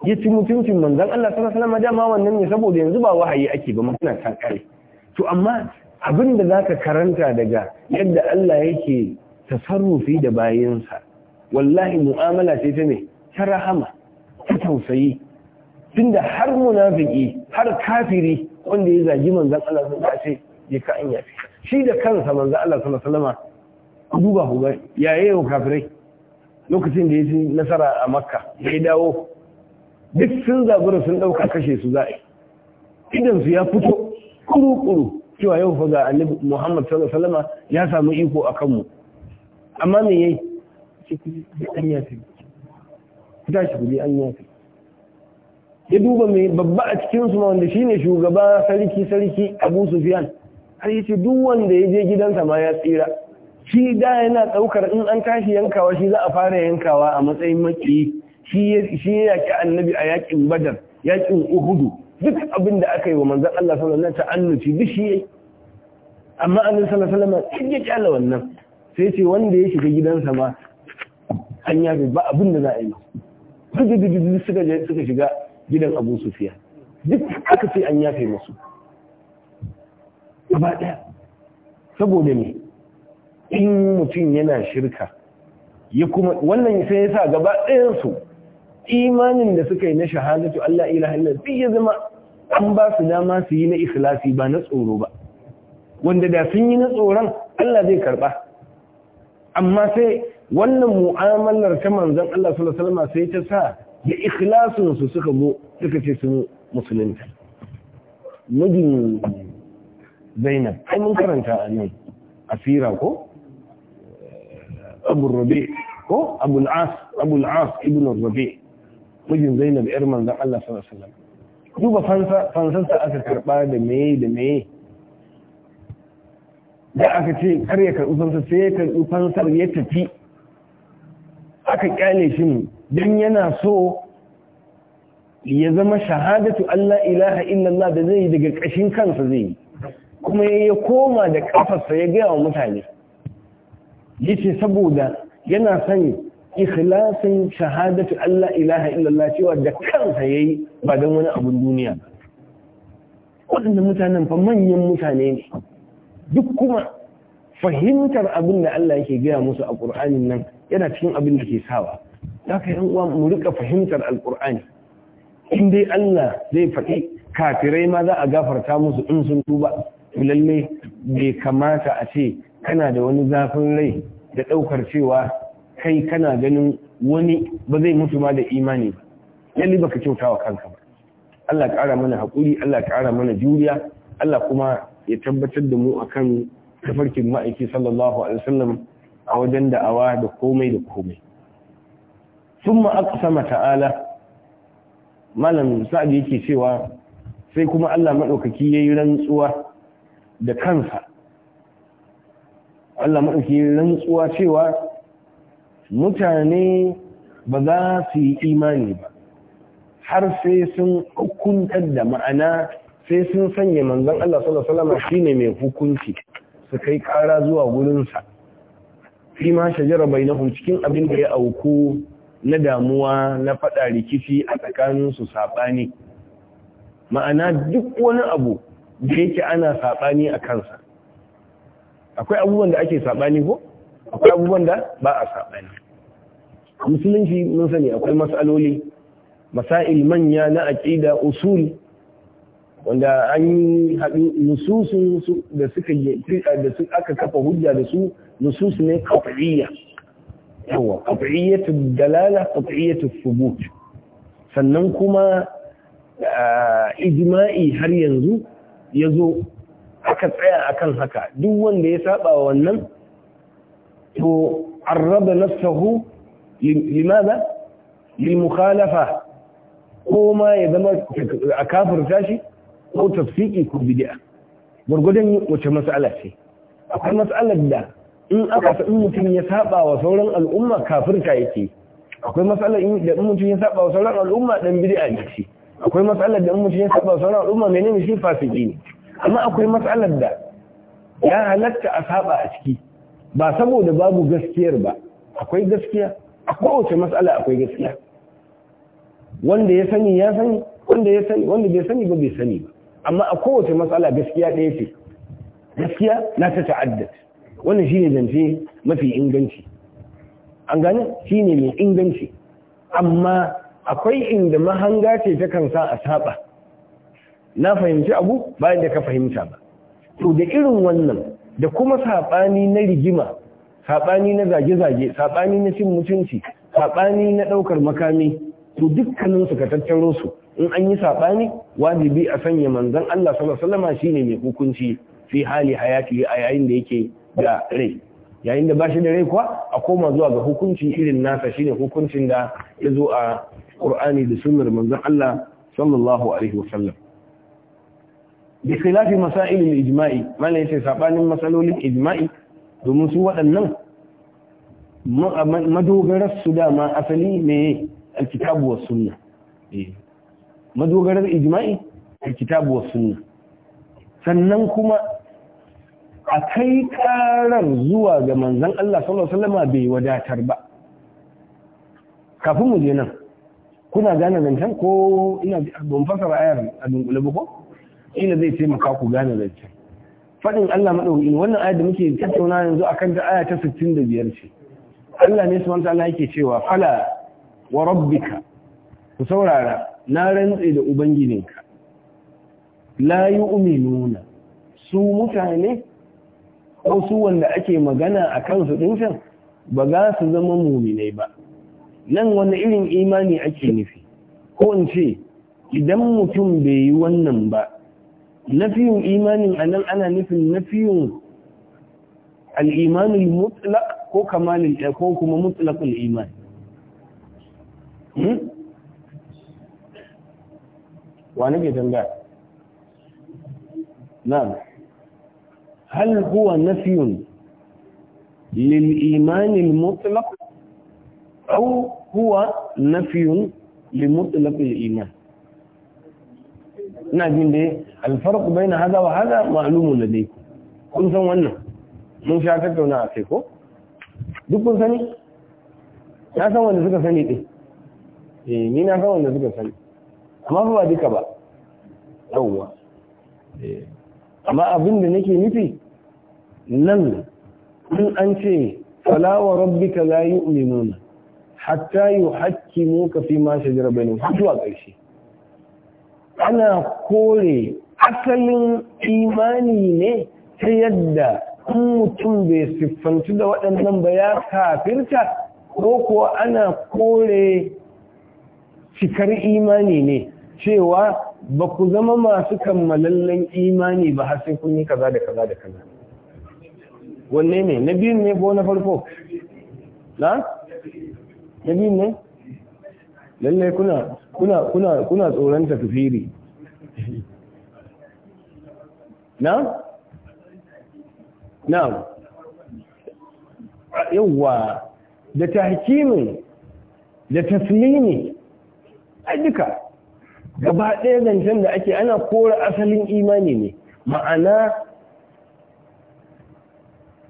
ya ci mutuncin manzan Allah sallallahu alaihi wasallam dama wannan ne saboda yanzu ba wahayi ake ba magana ta kare to amma abin da zaka karanta daga yadda Allah yake tasarrufi da bayansa wallahi mu'amala ce ta ne ta rahama ta tausayi tunda har munafiki har kafiri wanda ya zagi manzan Allah sun ce ya ka an yafi shi da kansa manzan Allah sallallahu alaihi wasallam duba ku yaye yau kafirai lokacin da ya ci nasara a Makka ya dawo duk sun zabura sun dauka kashe su za'i idan su ya fito kuru kuru cewa yau fa ga Annabi Muhammad sallallahu alaihi wasallam ya samu iko akan mu amma me yayi shi an yafi ku shi kudi an yafi ya duba mai babba a cikin su ma wanda shine shugaba sarki sarki Abu Sufyan har yace duk wanda ya je gidansa ma ya tsira shi da yana daukar in an tashi yankawa shi za a fara yankawa a matsayin maki shi shi yaki annabi a yakin Badar yakin Uhudu duk abin da aka yi wa manzon Allah sallallahu alaihi wasallam ta'annuci duk shi amma annabi sallallahu alaihi wasallam ya kyale wannan sai ce wanda ya shiga gidansa ma an yafe ba abin da za a yi duk suka suka shiga gidan Abu Sufiya duk aka ce an yafe musu ba daya saboda ne in mutum yana shirka ya kuma wannan sai ya sa gaba ɗayan su imanin da suka yi na shahadatu Allah ilaha illa ya zama an ba su dama su yi na ikhlasi ba na tsoro ba wanda da sun yi na tsoron Allah zai karba amma sai wannan mu'amalar ta manzon Allah sallallahu alaihi wasallam sai ta sa da ikhlasin su suka zo suka ce su musulunta mijin Zainab ai mun karanta a nan asira ko Abu Rabi ko Abu al-As Abu al-As ibn Rabi mijin Zainab irman da Allah sallallahu alaihi wasallam duba fansa fansa aka karba da meye da meye da aka ce kar ya karɓi fansar sai ya karɓi fansar ya tafi aka kyale shi ne don yana so ya zama shahadatu Allah ilaha illallah da zai yi daga ƙashin kansa zai yi kuma ya koma da ƙafarsa ya gaya wa mutane ya ce saboda yana son ikhlasin shahadatu Allah ilaha illallah cewa da kansa ya yi ba don wani abun duniya waɗanda mutanen fa manyan mutane ne duk kuma fahimtar abin da Allah yake gaya musu a ƙur'anin nan yana cikin abin da ke sawa za ka uwa mu rika fahimtar alƙur'ani in dai Allah zai faɗi kafirai ma za a gafarta musu in sun tuba lalle bai kamata a ce kana da wani zafin rai da ɗaukar cewa kai kana ganin wani ba zai mutu ma da imani ba lalle baka kyautawa kanka ba Allah ƙara mana hakuri, Allah ƙara mana juriya Allah kuma ya tabbatar da mu akan tafarkin ma'aiki sallallahu alaihi wasallam a wajen da'awa da komai da komai Sun aqsama ta'ala malam sa'ad yake cewa sai kuma Allah ya yi rantsuwa da kansa Allah ya yi rantsuwa cewa mutane ba za su yi imani ba har sai sun hukuntar da ma'ana sai sun sanya manzan Allah sallallahu alaihi wasallam shine mai hukunci su kai kara zuwa gurin sa fi ma shajara bainahum cikin abin da ya auku na damuwa na fada rikici a tsakanin su sabani ma'ana duk wani abu da yake ana sabani a kansa akwai abubuwan da ake sabani ko akwai abubuwan da ba a sabani musulunci mun sani akwai masaloli masail manya na aqida usul wanda an yi haɗu nususun da suka da su aka kafa hujja da su nusus ne kafiriya yawa qat'iyyatu dalala qat'iyyatu thubut sannan kuma eh, ijma'i har yanzu ya zo aka tsaya akan haka duk wanda ya saba wannan to arraba nafsahu limaza lil mukhalafa ko ma ya zama a kafirta shi ko tafsiki ko bid'a gurgudun wace mas'ala ce akwai mas'alar da in aka in mutum ya saba wa sauran al'umma kafirta yake akwai mas'alar da in mutum ya saba wa sauran al'umma dan bid'a ne shi akwai mas'alar da in mutum ya saba wa sauran al'umma menene shi fasiki ne amma akwai mas'alar da ya halatta a saba a ciki ba saboda babu gaskiyar ba akwai gaskiya a kowace matsala akwai gaskiya wanda ya sani ya sani wanda ya sani wanda bai sani ba bai sani ba amma a kowace matsala gaskiya ɗaya ce gaskiya na ta ta'addad wannan shi ne zance mafi inganci an gane ne mai inganci amma akwai inda mahanga ce ta kan sa a saba na fahimci abu bayan da ka fahimta ba to da irin wannan da kuma saɓani na rigima saɓani na zage-zage saɓani na cin mutunci saɓani na ɗaukar makami to dukkaninsu ka tattaro su in an yi saɓani wajibi a sanya manzon Allah sallallahu alaihi wasallam shine mai hukunci fi hali hayati a yayin da yake da rai yayin da ba shi da rai kuwa a koma zuwa ga hukunci irin nasa shine hukuncin da ya zo a Qur'ani da sunnar manzon Allah sallallahu alaihi wasallam bi khilafi masail al-ijma'i malai yace sabanin masalolin ijma'i domin su waɗannan madogarar su dama asali ne alkitabu wa sunna eh, madogarar ijma'i a kitabu wa sunna sannan kuma a kai karar zuwa ga manzan Allah sallallahu alaihi bai wadatar ba kafin mu je nan kuna gane zancen ko ina ban fasara ayar a dunkule ba ko ina zai taimaka ku gane zancen faɗin Allah maɗauki wannan ayar da muke tattauna yanzu akan ta aya ta 65 ce Allah ne subhanahu wa ta'ala yake cewa fala wa rabbika ku saurara na rantse da ubangijinka la yu'minuna su mutane ko su wanda ake magana a kansu dinsan ba za su zama muminai ba nan wani irin imani ake nufi ko in ce idan mutum bai yi wannan ba nafiyin imanin a nan ana nufin nafiyin al'imanin mutlak ko kamalin ko kuma mutlakul imani hmm? wa ke tambaya na hal huwa nafiyun lil iman mutlaq aw huwa nafiyun li mutlaq al iman ina jin dai al farq bayna hada wa hada ma'lum ladaykum kun san wannan mun sha tauna a kai ko duk kun sani na san wanda suka sani dai eh ni na san wanda suka sani amma ba duka ba yawwa amma abin da nake nufi nan in an ce fala wa rabbika la yu'minuna hatta yuhakkimuka fi ma shajara bane zuwa ƙarshe ana kore asalin imani ne ta yadda in mutum bai siffantu da waɗannan ba ya kafirta ko kuwa ana kore cikar imani ne cewa ba ku zama masu kammalallen imani ba har sai kun yi kaza da kaza da kaza wanne ne na biyun ne ko na farko na na biyun ne lallai kuna kuna kuna kuna tsoron tafiri na na yawa da tahkimi da tasmini ai duka gaba ɗaya zancen da ake ana kora asalin imani ne ma'ana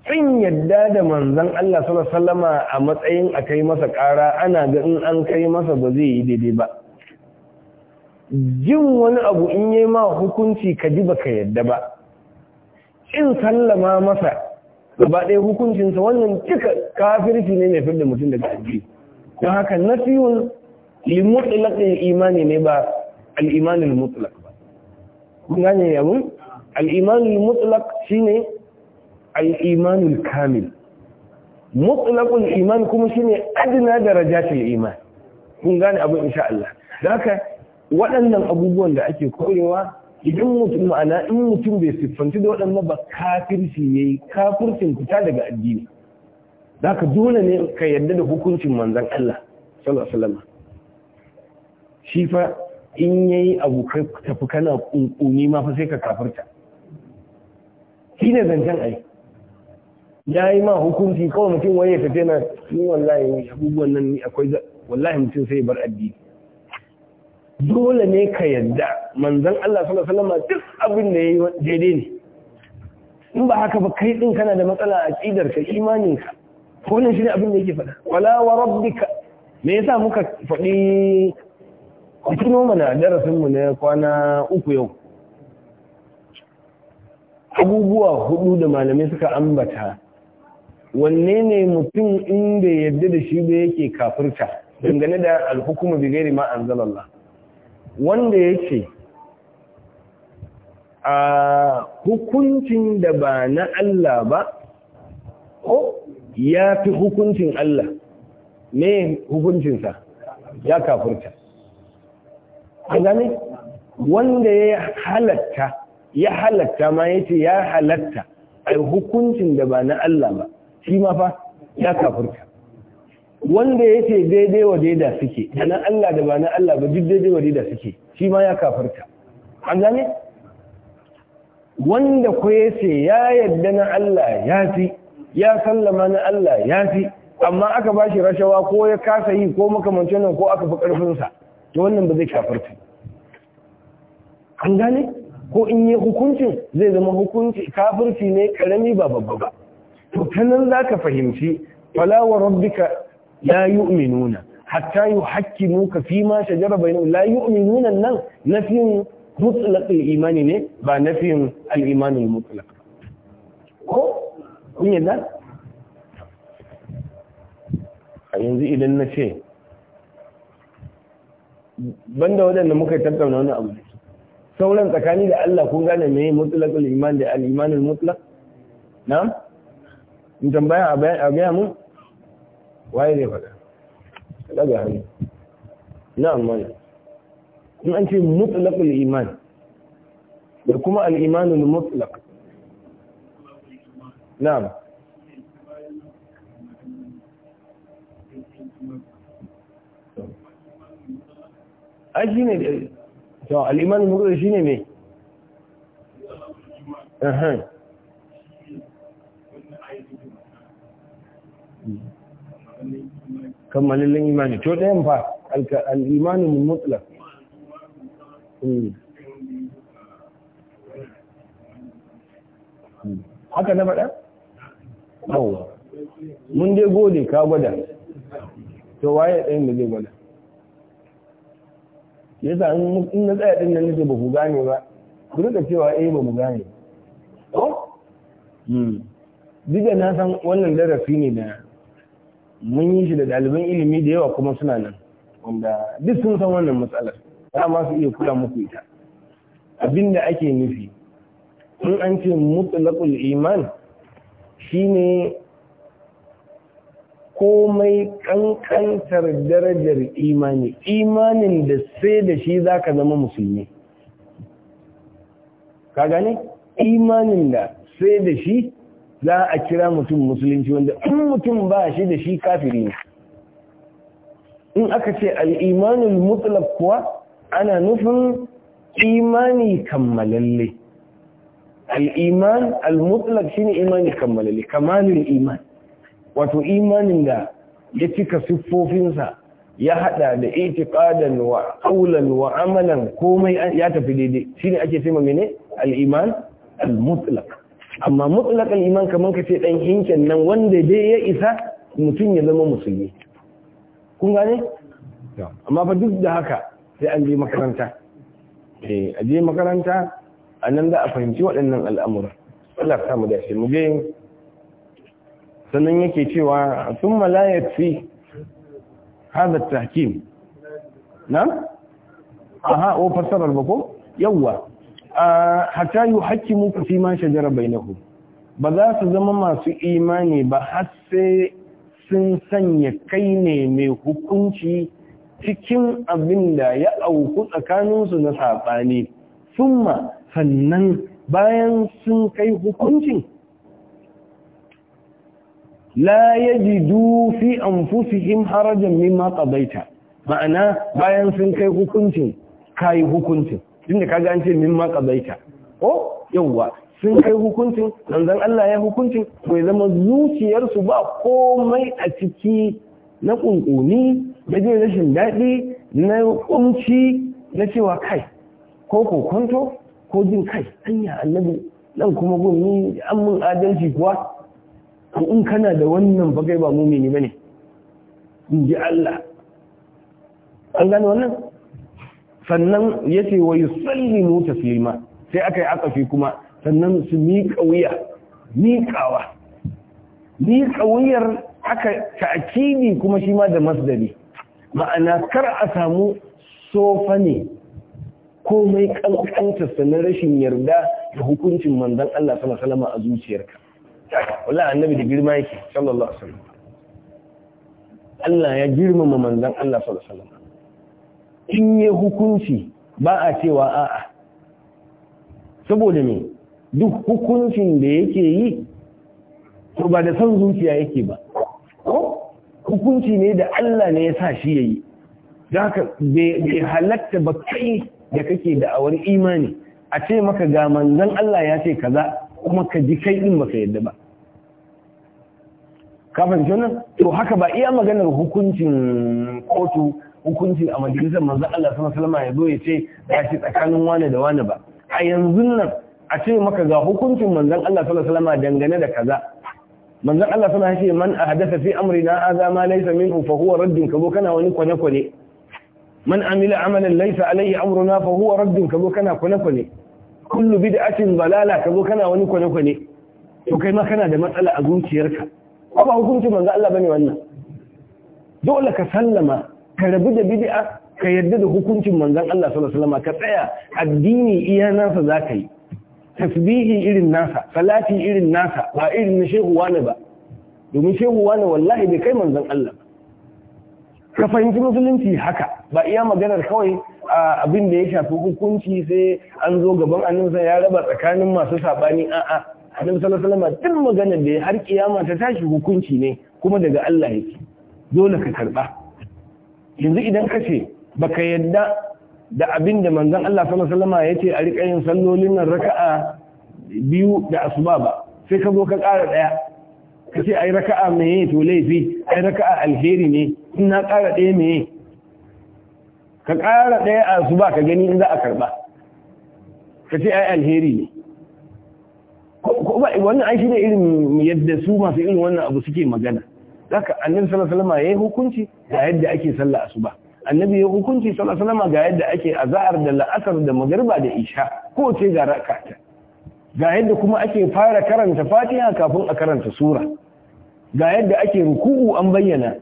tsin yadda da manzan Allah sallama a matsayin a kai masa ƙara ana ga in an kai masa ba zai yi daidai ba jin wani abu in yi ma hukunci ka ji baka yadda ba in sallama masa gaba ɗaya hukuncinsa wannan cika kafirci ne mai fidda mutum daga ajiye don haka nasiyun limutlaqil imani ne ba al'imanin mutlak ba kun gane yawon al'imanin mutlak shine al'imanin kamil mutlakul iman kuma shine adina darajatul iman kun gane abin insha Allah da haka waɗannan abubuwan da ake korewa idan mutum ma'ana in mutum bai siffanci da waɗannan ba kafirci yayi kafircin fita daga addini da haka dole ne ka yarda da hukuncin manzon Allah sallallahu alaihi wasallam shi fa in yayi abu kai tafi kana kunkuni ma fa sai ka kafirta shi ne zancen ai ya yi ma hukunci kawai mutum wani ya tafi na ni wallahi abubuwan nan ni akwai wallahi mutum sai bar addini dole ne ka yadda manzon Allah sallallahu alaihi wasallam duk abin da yayi daidai ne in ba haka ba kai din kana da matsala a aqidar ka imanin ka shi ne abin da yake faɗa wala wa rabbika me yasa muka faɗi noma mana darasinmu na kwana uku yau abubuwa hudu da malamai suka ambata wanne ne mutum inda yadda da shi da yake kafirta dangane da alhukuma bi gairi ma zalalla wanda ya ce, a hukuncin da ba na Allah ba ko ya fi hukuncin Allah ne hukuncinsa ya kafirta gane wanda ya halatta ya halatta ma ya ce ya halatta a hukuncin da ba na Allah ba shi ma fa ya kafurta wanda ya ce daidai wa daida suke da na Allah da ba na Allah ba duk daidai wa daida suke shi ma ya kafurta an gane wanda ku ya ce ya yadda na Allah ya fi ya sallama na Allah ya fi amma aka ba shi rashawa ko ya kasa yi ko makamancin nan ko aka fi ƙarfinsa to wannan ba zai kafarta an gane ko in yi hukuncin zai zama hukunci kafirci ne karami ba babba ba to ta nan za ka fahimci falawar rabbika la yu'minuna hatta ka fi ma shajara bainahum la yu'minuna nan nafiyin mutlaq al-imani ne ba nafiyin al al'imani mutlaq ko kun yadda a yanzu idan na ce banda wadanda muka tattauna wani abu sauran tsakani da Allah kun gane me mutlaqul iman da al al mutlaq na'am in tambaya a gaya mu waye ne faɗa daga hannu na'am mana in an ce mutlaqul iman da kuma al al mutlaq na'am ai shi ne to al'imanin murar shi ne mai kammalin imani to ɗayan fa al'imanin mutlak hmm. haka na faɗa? mun dai gode ka gwada to waye ɗayan da zai gwada yasa in na tsaya din nan nake ba ku gane ba ku rika cewa eh ba mu gane ko hmm. duk na san wannan darasi ne da mun yi shi da ɗaliban ilimi da yawa kuma suna nan wanda duk sun san wannan matsalar ba ma su iya kula muku ita abin ake nufi in an ce mutlaqul iman shine komai ƙanƙantar darajar imani imanin da sai da shi za ka zama musulmi ka gane imanin da sai da shi za a kira mutum musulunci wanda in mutum ba shi da shi kafiri ne in aka ce al'imanin mutlaq kuwa ana nufin imani kammalalle al'iman al shi ne imani kammalalle kamanin iman wato imanin da ya cika siffofinsa ya hada da itiqadan wa qawlan wa amalan komai ya tafi daidai shine ake cewa mene al-iman al-mutlaq amma mutlaq al-iman kaman kace dan hinkin nan wanda dai ya isa mutum ya zama musulmi kun gane amma fa duk da haka sai an je makaranta eh a je makaranta anan za a fahimci waɗannan al'amuran. Allah ya samu da shi mu je sannan yake cewa sun malayar fi haɗa takim na? aha o fassarar ba ko? yawwa hata yi haƙƙi muku fi ma shajara bai ba za su zama masu imani ba har sai sun sanya kai ne mai hukunci cikin abin da ya auku tsakaninsu na saɓani ma sannan bayan sun kai hukuncin la yajidu fi anfusihim harajan mimma qadaita ma'ana bayan sun kai hukuncin kai hukuncin tunda kaga an ce mimma qadaita ko yawa sun kai hukuncin manzon Allah ya hukuncin bai zama zuciyarsu ba komai a ciki na kunkuni da jin rashin daɗi na kunci na cewa kai ko kokonto ko jin kai Anya annabi nan kuma gumi, an mun adalci kuwa ko in kana da wannan bagai ba ba mumini bane in ji Allah an gano wannan sannan yace wa yusallimu taslima sai aka yi akafi kuma sannan su miƙa wuya miƙawa miƙa wuyar aka ta'kidi kuma shi ma da masdari ma'ana kar a samu sofa ne komai ƙanƙanta sanin rashin yarda da hukuncin manzon Allah sallallahu alaihi wasallam a zuciyarka Wala annabi da girma yake sallallahu alaihi wasallam Allah ya girmama manzon Allah sallallahu alaihi wasallam in yi hukunci ba a cewa a'a saboda me duk hukuncin da yake yi to ba da son zuciya yake ba hukunci ne da Allah ne ya sa shi yayi da haka bai halatta ba kai da kake da awar imani a ce maka ga manzon Allah ya ce kaza kuma ka ji kai din baka yadda ba kafin nan to haka ba iya maganar hukuncin kotu hukunci a majalisar manzo Allah sallallahu alaihi ya zo ya ce gashi tsakanin wani da wani ba a yanzu nan a ce maka ga hukuncin manzon Allah sallallahu alaihi dangane da kaza manzon Allah sallallahu alaihi man ahdatha fi amrina aza ma laysa minhu fa huwa raddun kabo kana wani kwane kwane man amila amalan laysa alaihi amruna fa huwa raddun kabo kana kwane kwane kullu bid'atin balala ka zo kana wani kwane-kwane to kai ma kana da matsala a zuciyarka ko ba hukuncin manzo Allah bane wannan dole ka sallama ka rabu da bid'a ka yarda da hukuncin manzon Allah sallallahu alaihi wasallam ka tsaya addini iya nasa zaka yi tasbihi irin nasa salati irin nasa ba irin na shehu wani ba domin shehu wani wallahi bai kai manzon Allah ka fahimci musulunci haka ba iya maganar kawai abin da ya shafi hukunci sai an zo gaban annabi ya raba tsakanin masu sabani a'a annabi sallallahu alaihi wasallam duk maganar da ya har kiyama ta tashi hukunci ne kuma daga Allah yake dole ka karba yanzu idan ka ce baka yadda da abin da manzon Allah sallallahu alaihi wasallam yace a rika yin sallolin nan raka'a biyu da asuba ba sai ka zo ka ƙara daya ka ce ai raka'a meye to laifi ai raka'a alheri ne in na ƙara daya meye ka ƙara ɗaya a su ba ka gani in za a karɓa ka ce ai alheri ne wannan an shi ne irin yadda su masu irin wannan abu suke magana Za ka sallallahu salasalama ya yi hukunci ga yadda ake sallah ba? annabi ya hukunci salasalama ga yadda ake azhar da la'asar da magarba da isha ko ce ga rak'ata ga yadda kuma ake fara karanta fatiha kafin a karanta sura ga yadda ake ruku'u an bayyana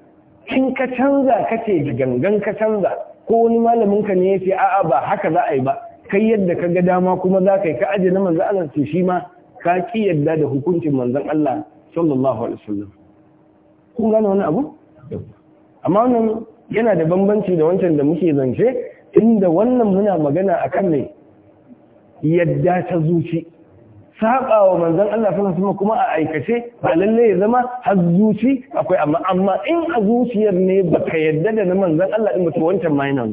in ka canza kace gangan ka canza ko wani malamin ka ne ya ce a'a ba haka za a yi ba kai yadda ka ga dama kuma za ka yi ka aje na manzon Allah to shi ma ka ki yadda da hukuncin manzon Allah sallallahu alaihi wasallam kun gane wani abu amma wannan yana da bambanci da wancan da muke zance inda wannan muna magana akan ne yadda ta zuci saba wa manzon Allah sallallahu alaihi kuma a aikace ba lalle ya zama har zuci akwai amma amma in a zuciyar ne baka yadda da na manzan Allah din mutum wancan ma yana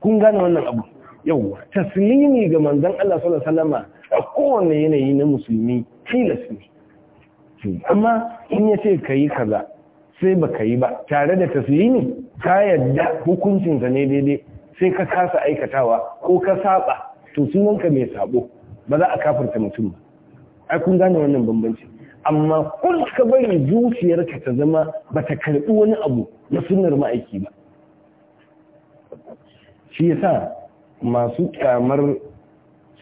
kun gane wannan abu Yau, taslimi ga manzan Allah sallallahu alaihi a kowane yanayi na musulmi tilas ne amma in ya ce ka yi kaza sai ba ka yi ba tare da taslimi ka yadda hukuncinsa ne daidai sai ka kasa aikatawa ko ka saba to sunanka mai sabo ba za a kafarta mutum ba ai kun gane wannan bambanci amma kun ka bari zuciyarka ta zama ba ta karɓi wani abu na sunnar ma'aiki ba shi yasa masu kyamar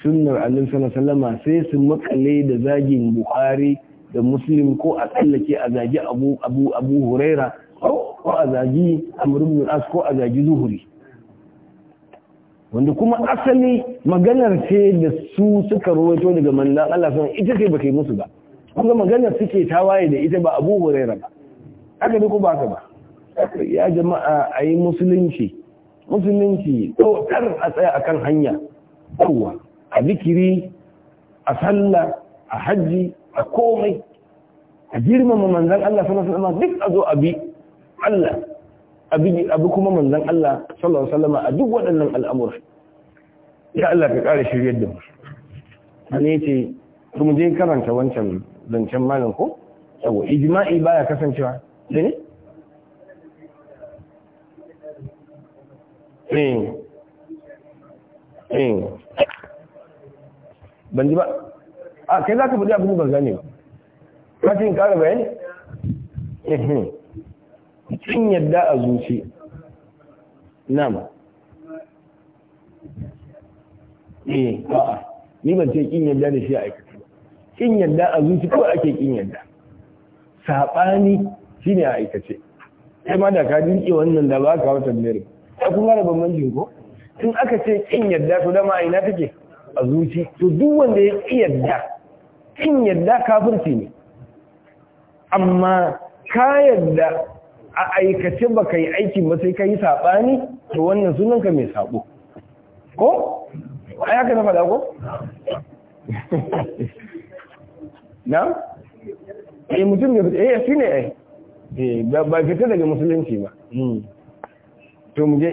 sunnar annabi sallallahu sai su makale da zagin buhari da muslim ko a tsallake a zagi abu abu abu huraira ko a zagi Amurin ko a zagi zuhuri wanda kuma asali maganar ce da su suka ruwaito daga manzan Allah sun ita ce baka yi musu ba kuma maganar suke tawaye da ita ba abu huraira ba aka duk ba ka ba ya jama'a ayi yi musulunci musulunci ɗaukar a tsaya akan hanya kowa a zikiri a sallah a hajji a komai a girmama manzan Allah sama sama duk a zo a Allah abu kuma manzan Allah sallallahu alaihi wasallam a duk waɗannan al'amura ya Allah ka ƙara shiryar da mu ce, to kuma je karanta wancan zancen malam ko Ijima'i ijma'i baya kasancewa da ne eh. eh ban ji ba a kai za ka faɗi abin da ban gane ba ka ce in ƙara bayani eh. kin yadda a zuci nama eh ba'a ni ban ce kin yadda da shi a aikata kin yadda a zuci ko ake kin yadda shi shine a aikace sai ma da ka dinke wannan da ba ka wata mere sai kuma da bambancin ko in aka ce kin yadda to dama a ina take a zuci to duk wanda ya ki yadda kin yadda kafirci ne amma ka yadda a aikace ba ka yi aiki ba sai ka yi saɓani to wannan sunanka mai saɓo ko? a yaka na faɗa ko? na? eh mutum ya fita eh fi ne eh, eh. eh ba fita daga musulunci ba hmm. to mu je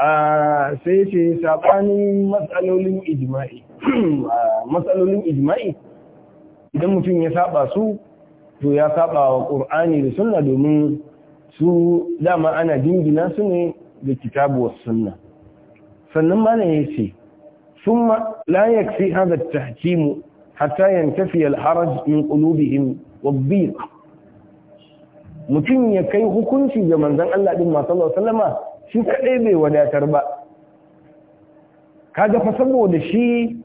a sai ce saɓanin matsalolin ijima'i matsalolin ijima'i idan mutum ya saɓa su to ya saɓa wa ƙur'ani da sunna domin su dama ana dingina su ne da kitabu wa sunna sannan mana ya ce ثم لا يكفي هذا التحكيم حتى ينتفي الحرج من قلوبهم wabbi. mutum ya kai hukunci ga manzon Allah din ma sallallahu alaihi shi kadai bai wadatar ba kaga fa saboda shi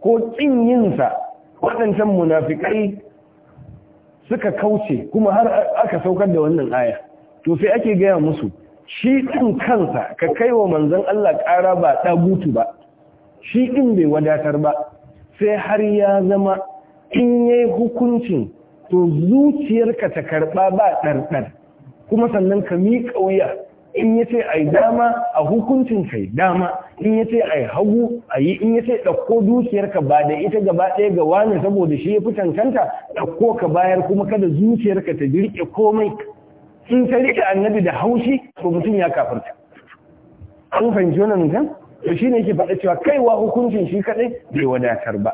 ko tsinyin sa waɗancan munafikai suka kauce kuma har aka saukar da wannan aya to sai ake gaya musu shi ɗin kansa ka kai wa manzan Allah ƙara ba ɗagutu ba shi ɗin bai wadatar ba sai har ya zama in ya yi hukuncin to zuciyarka ta karɓa ba ɗarɗar kuma sannan ka miƙa wuya in ya ce a dama a hukuncin ka yi dama in ya ce a hagu a in ya ce ɗauko dukiyarka ba da ita gaba ɗaya ga wani saboda shi ya fi kanta, ɗauko ka bayar kuma kada zuciyarka ta jirƙe komai in ka rike annabi da haushi to mutum ya kafarta an fahimci wannan mutum to ne yake faɗa cewa kaiwa hukuncin shi kaɗai bai wadatar ba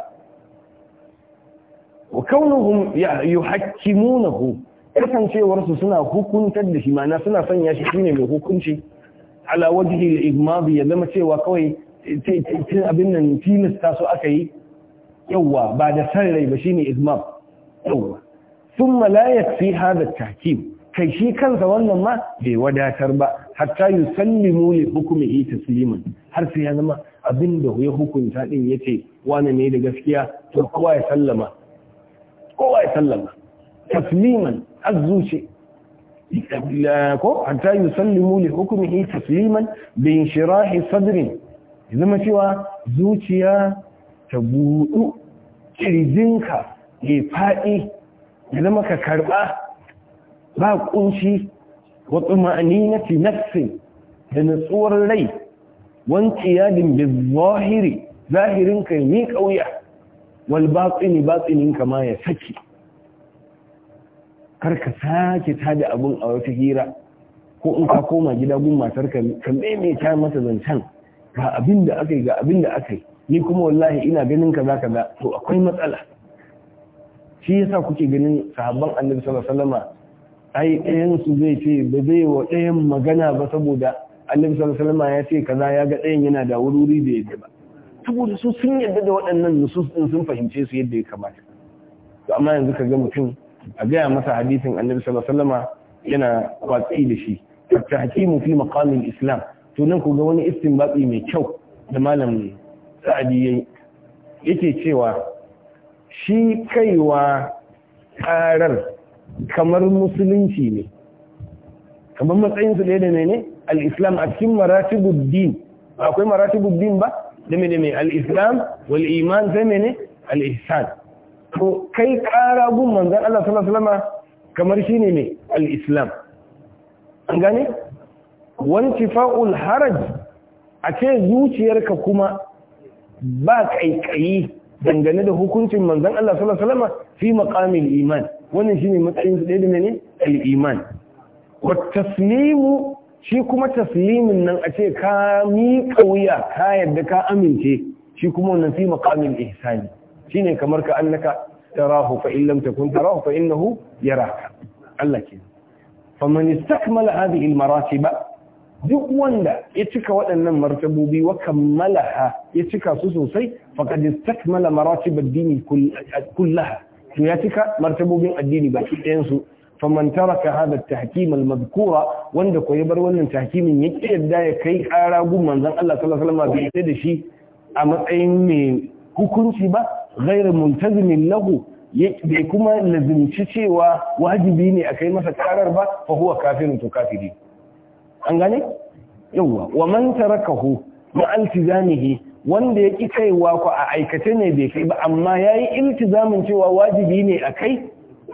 wa kaunuhum yuhakkimunahu suna hukuntar da shi ma'ana suna sanya shi shine mai hukunci ala wajhi al-igmad ya zama cewa kawai abin nan tilasta so aka yi yawa ba da san rai ba shine igmad yawa thumma la yakfi hada at-tahkim kai shi kansa wannan ma bai wadatar ba hatta yusallimu li hukmihi tasliman har sai ya zama abin da ya hukunta din yace wani ne da gaskiya to kowa ya sallama kowa ya sallama tasliman azzuci ko hatta yusallimu li hukmihi tasliman bi inshirahi sadrin zama cewa zuciya ta budu kirjinka ya faɗi ya zama ka karɓa ba kunshi wa fi nafsin da nutsuwar rai wanci yadin bi zahiri zahirin kai ni kauya wal batini batinin kama ya saki karka sake tada abin a wata hira ko in ka koma gida gun matar ka me me ta mata zancen, ga abin da aka yi ga abin da aka yi ni kuma wallahi ina ganin kaza ga to akwai matsala shi yasa kuke ganin sahabban annabi sallallahu alaihi wasallama ai ɗayan zai ce ba zai wa ɗayan magana ba saboda annabi salama ya ce kaza ya ga ɗayan yana da wuri da yadda ba saboda su sun yadda da waɗannan nusus ɗin sun fahimce su yadda ya kamata to amma yanzu ka ga mutum a gaya masa hadisin annabi salama yana kwatsi da shi hakimu fi maqamil islam to nan ku ga wani istinbati mai kyau da malam sa'adi yayi yake cewa shi kaiwa ƙarar. kamar musulunci ne kamar matsayinsu ɗaya da ne al-islam a cikin maratibuddin akwai maratibuddin ba da mene da al-islam wal iman me ne? al-ihsan to kai ƙara gun manzan Allah sallallahu alaihi kamar shine ne al-islam an gane wantifa'ul haraj a ce zuciyarka kuma ba kaikayi dangane da hukuncin manzan Allah sallallahu alaihi fi maqamil iman wannan shine matsayin su ɗaya da ne al-iman wa taslimu shi kuma taslimin nan a ce ka miƙa wuya ka yadda ka amince shi kuma wannan fi maqamil ihsani shine kamar ka annaka tarahu fa in lam takun tarahu fa innahu yaraka Allah ke faman istakmala hadhihi al-maratiba duk wanda ya cika waɗannan martabobi wa kammalaha ya cika su sosai faqad istakmala maratib ad-din kullaha to ya cika martabobin addini baki ɗayansu su faman taraka hada tahkim wanda ko ya bar wannan tahkimin ya yadda ya kai ƙara gun manzon Allah sallallahu alaihi wasallam da shi a matsayin mai hukunci ba ghairu muntazimin lahu bai kuma lazimci cewa wajibi ne a kai masa karar ba fa huwa kafirun to kafiri an gane yawa wa man tarakahu ma wanda ya ƙi kaiwa ku a aikace ne bai kai ba amma ya yi iltizamin cewa wajibi ne a kai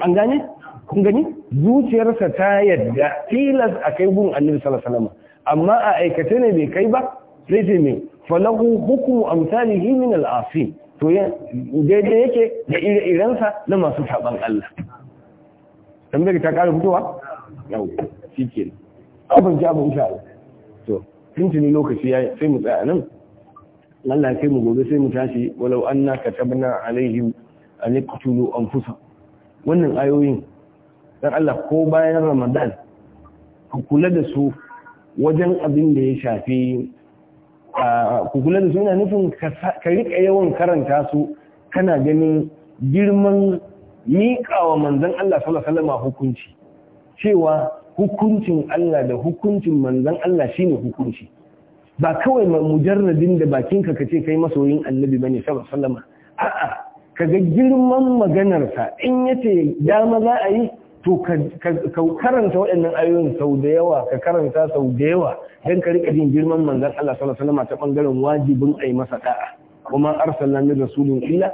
an gane kun gani zuciyarsa ta yadda tilas a kai gun annabi sallallahu alaihi wasallam amma a aikace ne bai kai ba sai ce me falahu hukmu amsalihi min al'asi to daidai yake da ire-irensa na masu taban Allah tambayar ta ƙara fitowa yau shikenan abin ji abin sha to tuntuni lokaci ya sai mu tsaya nan Allah kai mu gobe sai mu tashi walau anna katabna alaihim an yaqtulu anfusahum wannan ayoyin dan Allah ko bayan Ramadan ku kula da su wajen abin da ya shafi ku kula da su yana nufin ka rika yawan karanta su kana ganin girman miƙawa manzon Allah sallallahu alaihi wasallam hukunci cewa hukuncin Allah da hukuncin manzon Allah shine hukunci ba kawai mujarradin da bakinka ka ce kai masoyin annabi bane sallallahu alaihi a'a ka ga girman maganarsa in yace dama za a yi to ka karanta waɗannan ayoyin sau da yawa ka karanta sau da yawa don ka rika jin girman manzon Allah sallallahu alaihi ta bangaren wajibin ai masa da'a kuma arsalna min rasulun illa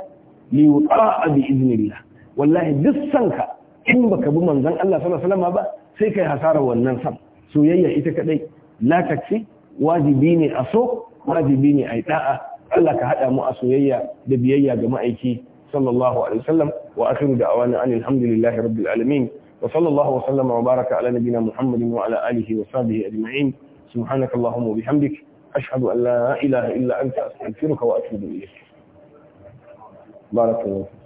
li yuta'a bi idnillah wallahi duk sanka in baka bi manzon Allah sallallahu alaihi ba sai kai hasara wannan san soyayya ita kadai la taksi wajibi ne a so wajibi ne a yi da'a Allah ka haɗa mu a soyayya da biyayya ga ma'aiki sallallahu alaihi wasallam wa akhiru da'awana anil hamdulillahi rabbil alamin wa sallallahu wa sallama wa baraka ala nabiyyina muhammadin wa ala alihi wa sahbihi ajma'in subhanaka allahumma wa bihamdik ashhadu an la ilaha illa anta astaghfiruka wa atubu ilayk barakallahu